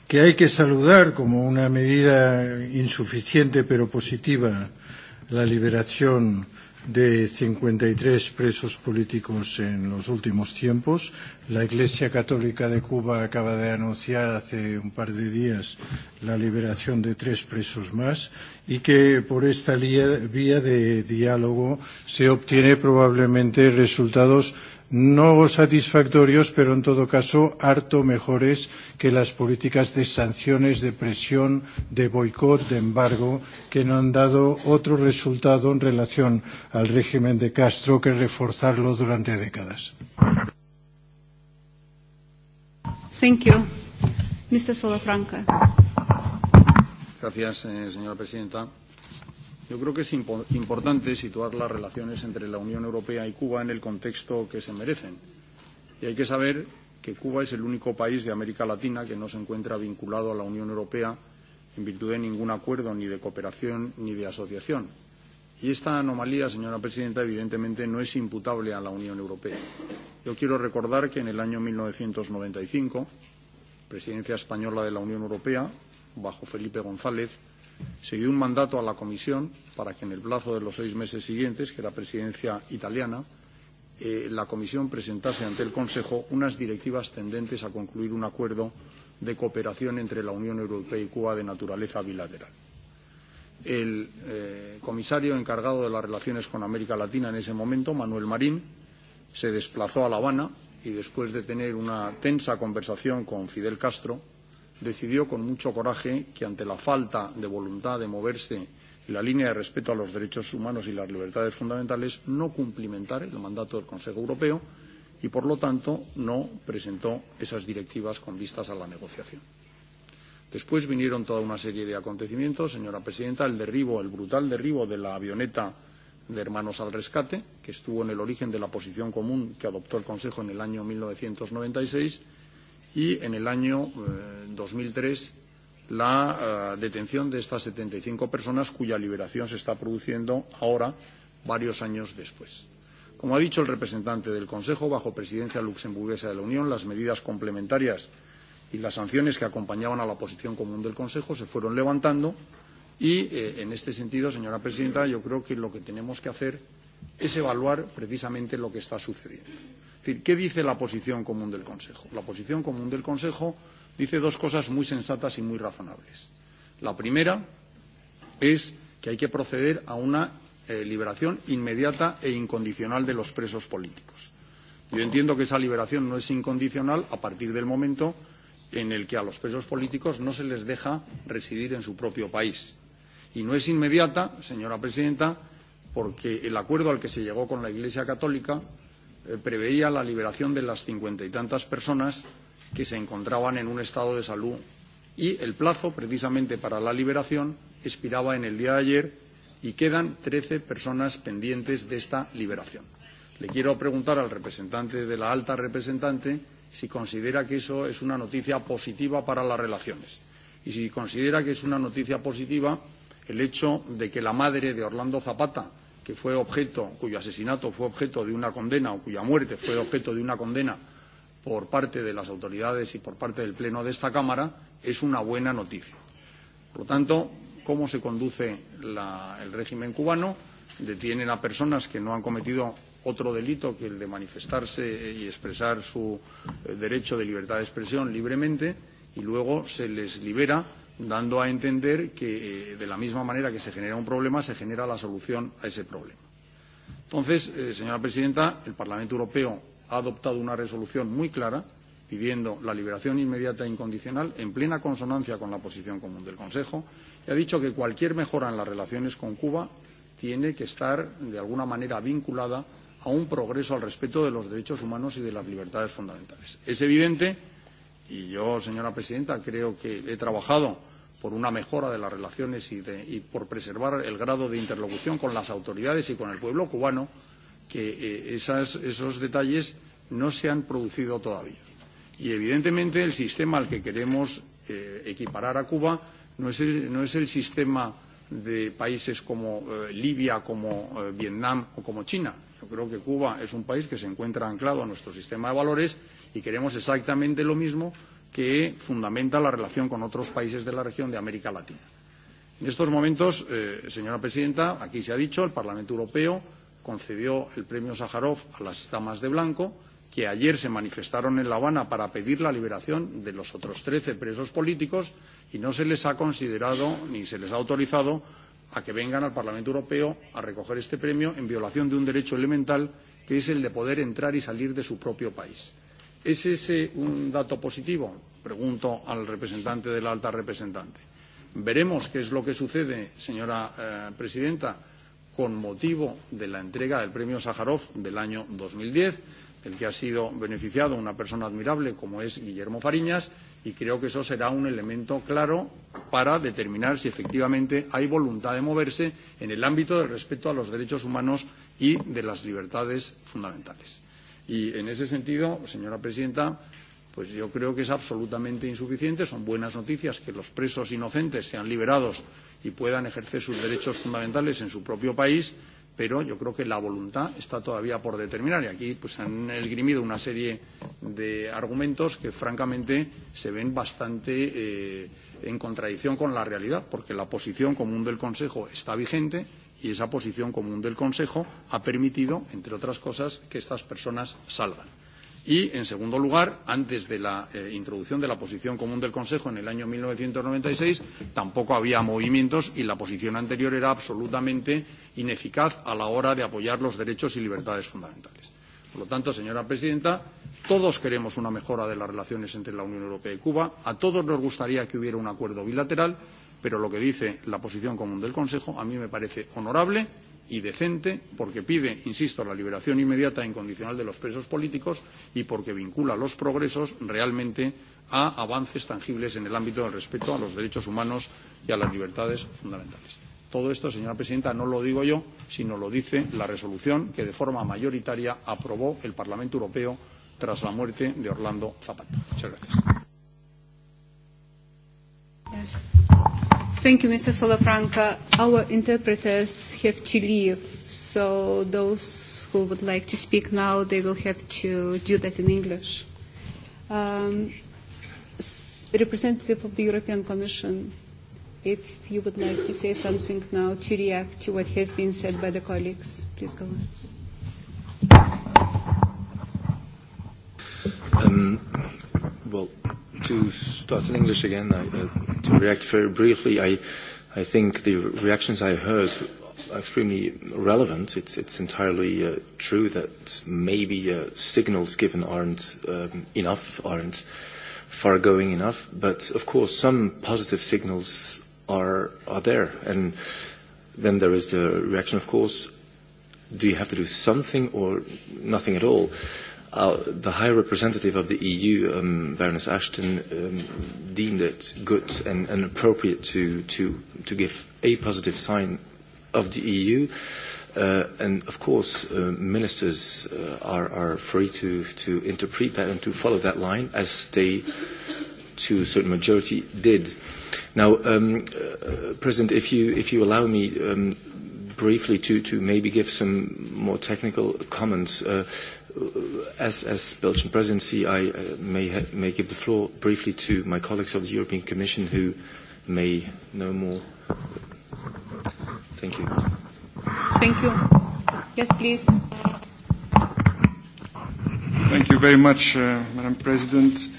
que hay que saludar como una medida insuficiente pero positiva la liberación de 53 presos políticos en los últimos tiempos. La Iglesia Católica de Cuba acaba de anunciar hace un par de días la liberación de tres presos más y que por esta vía de diálogo se obtiene probablemente resultados no satisfactorios, pero en todo caso harto mejores que las políticas de sanciones, de presión, de boicot, de embargo, que no han dado otro resultado en relación al régimen de Castro que reforzarlo durante décadas. Thank you. Mr. Gracias, eh, señora presidenta. Yo creo que es importante situar las relaciones entre la Unión Europea y Cuba en el contexto que se merecen. Y hay que saber que Cuba es el único país de América Latina que no se encuentra vinculado a la Unión Europea en virtud de ningún acuerdo ni de cooperación ni de asociación. Y esta anomalía, señora presidenta, evidentemente no es imputable a la Unión Europea. Yo quiero recordar que en el año 1995, presidencia española de la Unión Europea, bajo Felipe González, se dio un mandato a la Comisión para que en el plazo de los seis meses siguientes, que era presidencia italiana, la Comisión presentase ante el Consejo unas directivas tendentes a concluir un acuerdo de cooperación entre la Unión Europea y Cuba de naturaleza bilateral. El comisario encargado de las relaciones con América Latina en ese momento, Manuel Marín, se desplazó a La Habana y después de tener una tensa conversación con Fidel Castro, decidió con mucho coraje que ante la falta de voluntad de moverse en la línea de respeto a los derechos humanos y las libertades fundamentales no cumplimentara el mandato del Consejo Europeo y, por lo tanto, no presentó esas directivas con vistas a la negociación. Después vinieron toda una serie de acontecimientos, señora presidenta, el derribo, el brutal derribo de la avioneta de Hermanos al Rescate, que estuvo en el origen de la posición común que adoptó el Consejo en el año 1996 y en el año dos mil tres la detención de estas setenta y cinco personas cuya liberación se está produciendo ahora, varios años después. Como ha dicho el representante del Consejo, bajo presidencia luxemburguesa de la Unión, las medidas complementarias y las sanciones que acompañaban a la posición común del Consejo se fueron levantando y, en este sentido, señora presidenta, yo creo que lo que tenemos que hacer es evaluar precisamente lo que está sucediendo. Es decir, ¿qué dice la posición común del Consejo? La posición común del Consejo dice dos cosas muy sensatas y muy razonables. La primera es que hay que proceder a una eh, liberación inmediata e incondicional de los presos políticos. Yo entiendo que esa liberación no es incondicional a partir del momento en el que a los presos políticos no se les deja residir en su propio país. Y no es inmediata, señora presidenta, porque el acuerdo al que se llegó con la Iglesia Católica preveía la liberación de las cincuenta y tantas personas que se encontraban en un estado de salud y el plazo precisamente para la liberación expiraba en el día de ayer y quedan trece personas pendientes de esta liberación. Le quiero preguntar al representante de la alta representante si considera que eso es una noticia positiva para las relaciones y si considera que es una noticia positiva el hecho de que la madre de Orlando Zapata, que fue objeto, cuyo asesinato fue objeto de una condena o cuya muerte fue objeto de una condena por parte de las autoridades y por parte del Pleno de esta Cámara, es una buena noticia. Por lo tanto, ¿cómo se conduce la, el régimen cubano? Detienen a personas que no han cometido otro delito que el de manifestarse y expresar su derecho de libertad de expresión libremente y luego se les libera dando a entender que de la misma manera que se genera un problema, se genera la solución a ese problema. Entonces, eh, señora presidenta, el Parlamento Europeo ha adoptado una resolución muy clara pidiendo la liberación inmediata e incondicional en plena consonancia con la posición común del Consejo y ha dicho que cualquier mejora en las relaciones con Cuba tiene que estar de alguna manera vinculada a un progreso al respeto de los derechos humanos y de las libertades fundamentales. Es evidente Y yo, señora presidenta, creo que he trabajado por una mejora de las relaciones y, de, y por preservar el grado de interlocución con las autoridades y con el pueblo cubano, que eh, esas, esos detalles no se han producido todavía. Y evidentemente el sistema al que queremos eh, equiparar a Cuba no es el, no es el sistema de países como eh, Libia, como eh, Vietnam o como China. Yo creo que Cuba es un país que se encuentra anclado a nuestro sistema de valores y queremos exactamente lo mismo que fundamenta la relación con otros países de la región de América Latina. En estos momentos, eh, señora presidenta, aquí se ha dicho, el Parlamento Europeo concedió el premio Sájarov a las damas de blanco, que ayer se manifestaron en La Habana para pedir la liberación de los otros trece presos políticos y no se les ha considerado ni se les ha autorizado a que vengan al Parlamento Europeo a recoger este premio en violación de un derecho elemental que es el de poder entrar y salir de su propio país. ¿Es ese un dato positivo? Pregunto al representante de la alta representante. Veremos qué es lo que sucede, señora presidenta, con motivo de la entrega del premio Sájarov del año dos mil diez, del que ha sido beneficiado una persona admirable como es Guillermo Fariñas, y creo que eso será un elemento claro para determinar si efectivamente hay voluntad de moverse en el ámbito del respeto a los derechos humanos y de las libertades fundamentales. Y en ese sentido, señora presidenta, pues yo creo que es absolutamente insuficiente. Son buenas noticias que los presos inocentes sean liberados y puedan ejercer sus derechos fundamentales en su propio país, pero yo creo que la voluntad está todavía por determinar. Y aquí pues, han esgrimido una serie de argumentos que, francamente, se ven bastante eh, en contradicción con la realidad, porque la posición común del Consejo está vigente y esa posición común del Consejo ha permitido, entre otras cosas, que estas personas salgan. Y, en segundo lugar, antes de la introducción de la posición común del Consejo en el año mil novecientos noventa y seis, tampoco había movimientos y la posición anterior era absolutamente ineficaz a la hora de apoyar los derechos y libertades fundamentales. Por lo tanto, señora presidenta, todos queremos una mejora de las relaciones entre la Unión Europea y Cuba, a todos nos gustaría que hubiera un acuerdo bilateral pero lo que dice la posición común del Consejo a mí me parece honorable y decente porque pide, insisto, la liberación inmediata e incondicional de los presos políticos y porque vincula los progresos realmente a avances tangibles en el ámbito del respeto a los derechos humanos y a las libertades fundamentales. Todo esto, señora presidenta, no lo digo yo, sino lo dice la resolución que de forma mayoritaria aprobó el Parlamento Europeo tras la muerte de Orlando Zapata. Muchas gracias. Thank you, Mr. Salafranca. Our interpreters have to leave, so those who would like to speak now, they will have to do that in English. Um, representative of the European Commission, if you would like to say something now to react to what has been said by the colleagues, please go on. Um, well, to start in English again, I, uh, to react very briefly, I, I think the reactions I heard are extremely relevant. It's, it's entirely uh, true that maybe uh, signals given aren't um, enough, aren't far going enough, but of course some positive signals are, are there. And then there is the reaction, of course, do you have to do something or nothing at all? the High Representative of the EU, um, Baroness Ashton, um, deemed it good and, and appropriate to, to, to give a positive sign of the EU. Uh, and of course, uh, ministers uh, are, are free to, to interpret that and to follow that line as they, to a certain majority, did. Now, um, uh, President, if you, if you allow me, um, briefly to, to maybe give some more technical comments. Uh, as, as Belgian presidency, I uh, may, ha- may give the floor briefly to my colleagues of the European Commission who may know more. Thank you. Thank you. Yes, please. Thank you very much, uh, Madam President.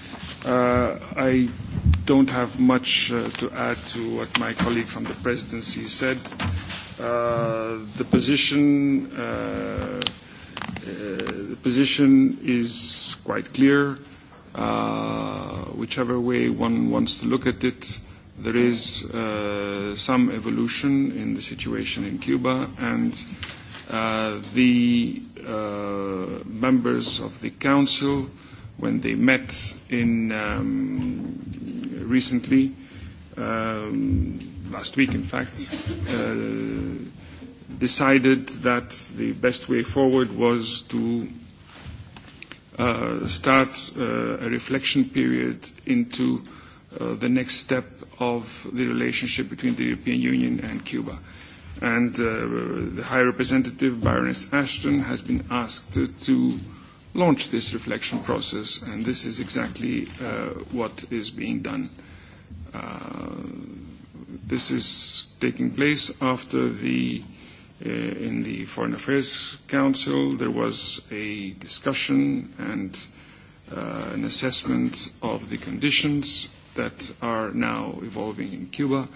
Uh, I don't have much uh, to add to what my colleague from the presidency said. Uh, the position uh, the position is quite clear. Uh, whichever way one wants to look at it, there is uh, some evolution in the situation in Cuba, and uh, the uh, members of the council, when they met in um, recently, um, last week in fact, uh, decided that the best way forward was to uh, start uh, a reflection period into uh, the next step of the relationship between the European Union and Cuba. And uh, the High Representative, Baroness Ashton, has been asked to launch this reflection process, and this is exactly uh, what is being done. Uh, this is taking place after the uh, in the Foreign Affairs Council there was a discussion and uh, an assessment of the conditions that are now evolving in Cuba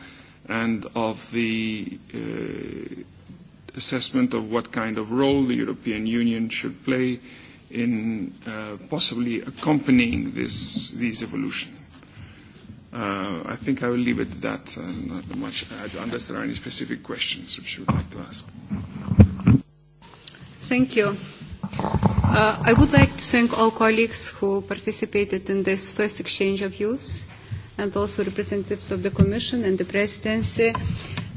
and of the uh, assessment of what kind of role the European Union should play in uh, possibly accompanying this, this evolution. Uh, I think I will leave it at that, uh, not much, uh, unless there are any specific questions which you would like to ask. Thank you. Uh, I would like to thank all colleagues who participated in this first exchange of views and also representatives of the Commission and the Presidency.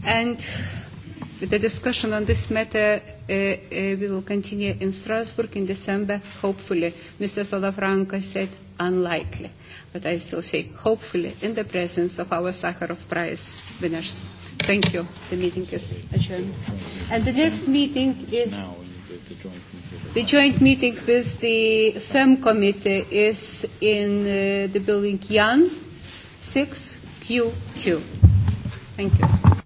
And the discussion on this matter uh, uh, we will continue in Strasbourg in December, hopefully. Mr. Salafranca said unlikely, but I still say hopefully in the presence of our Sakharov Prize winners. Thank you. The meeting is adjourned. And the next meeting is the joint meeting with the FEM committee is in uh, the building Yan 6Q2. Thank you.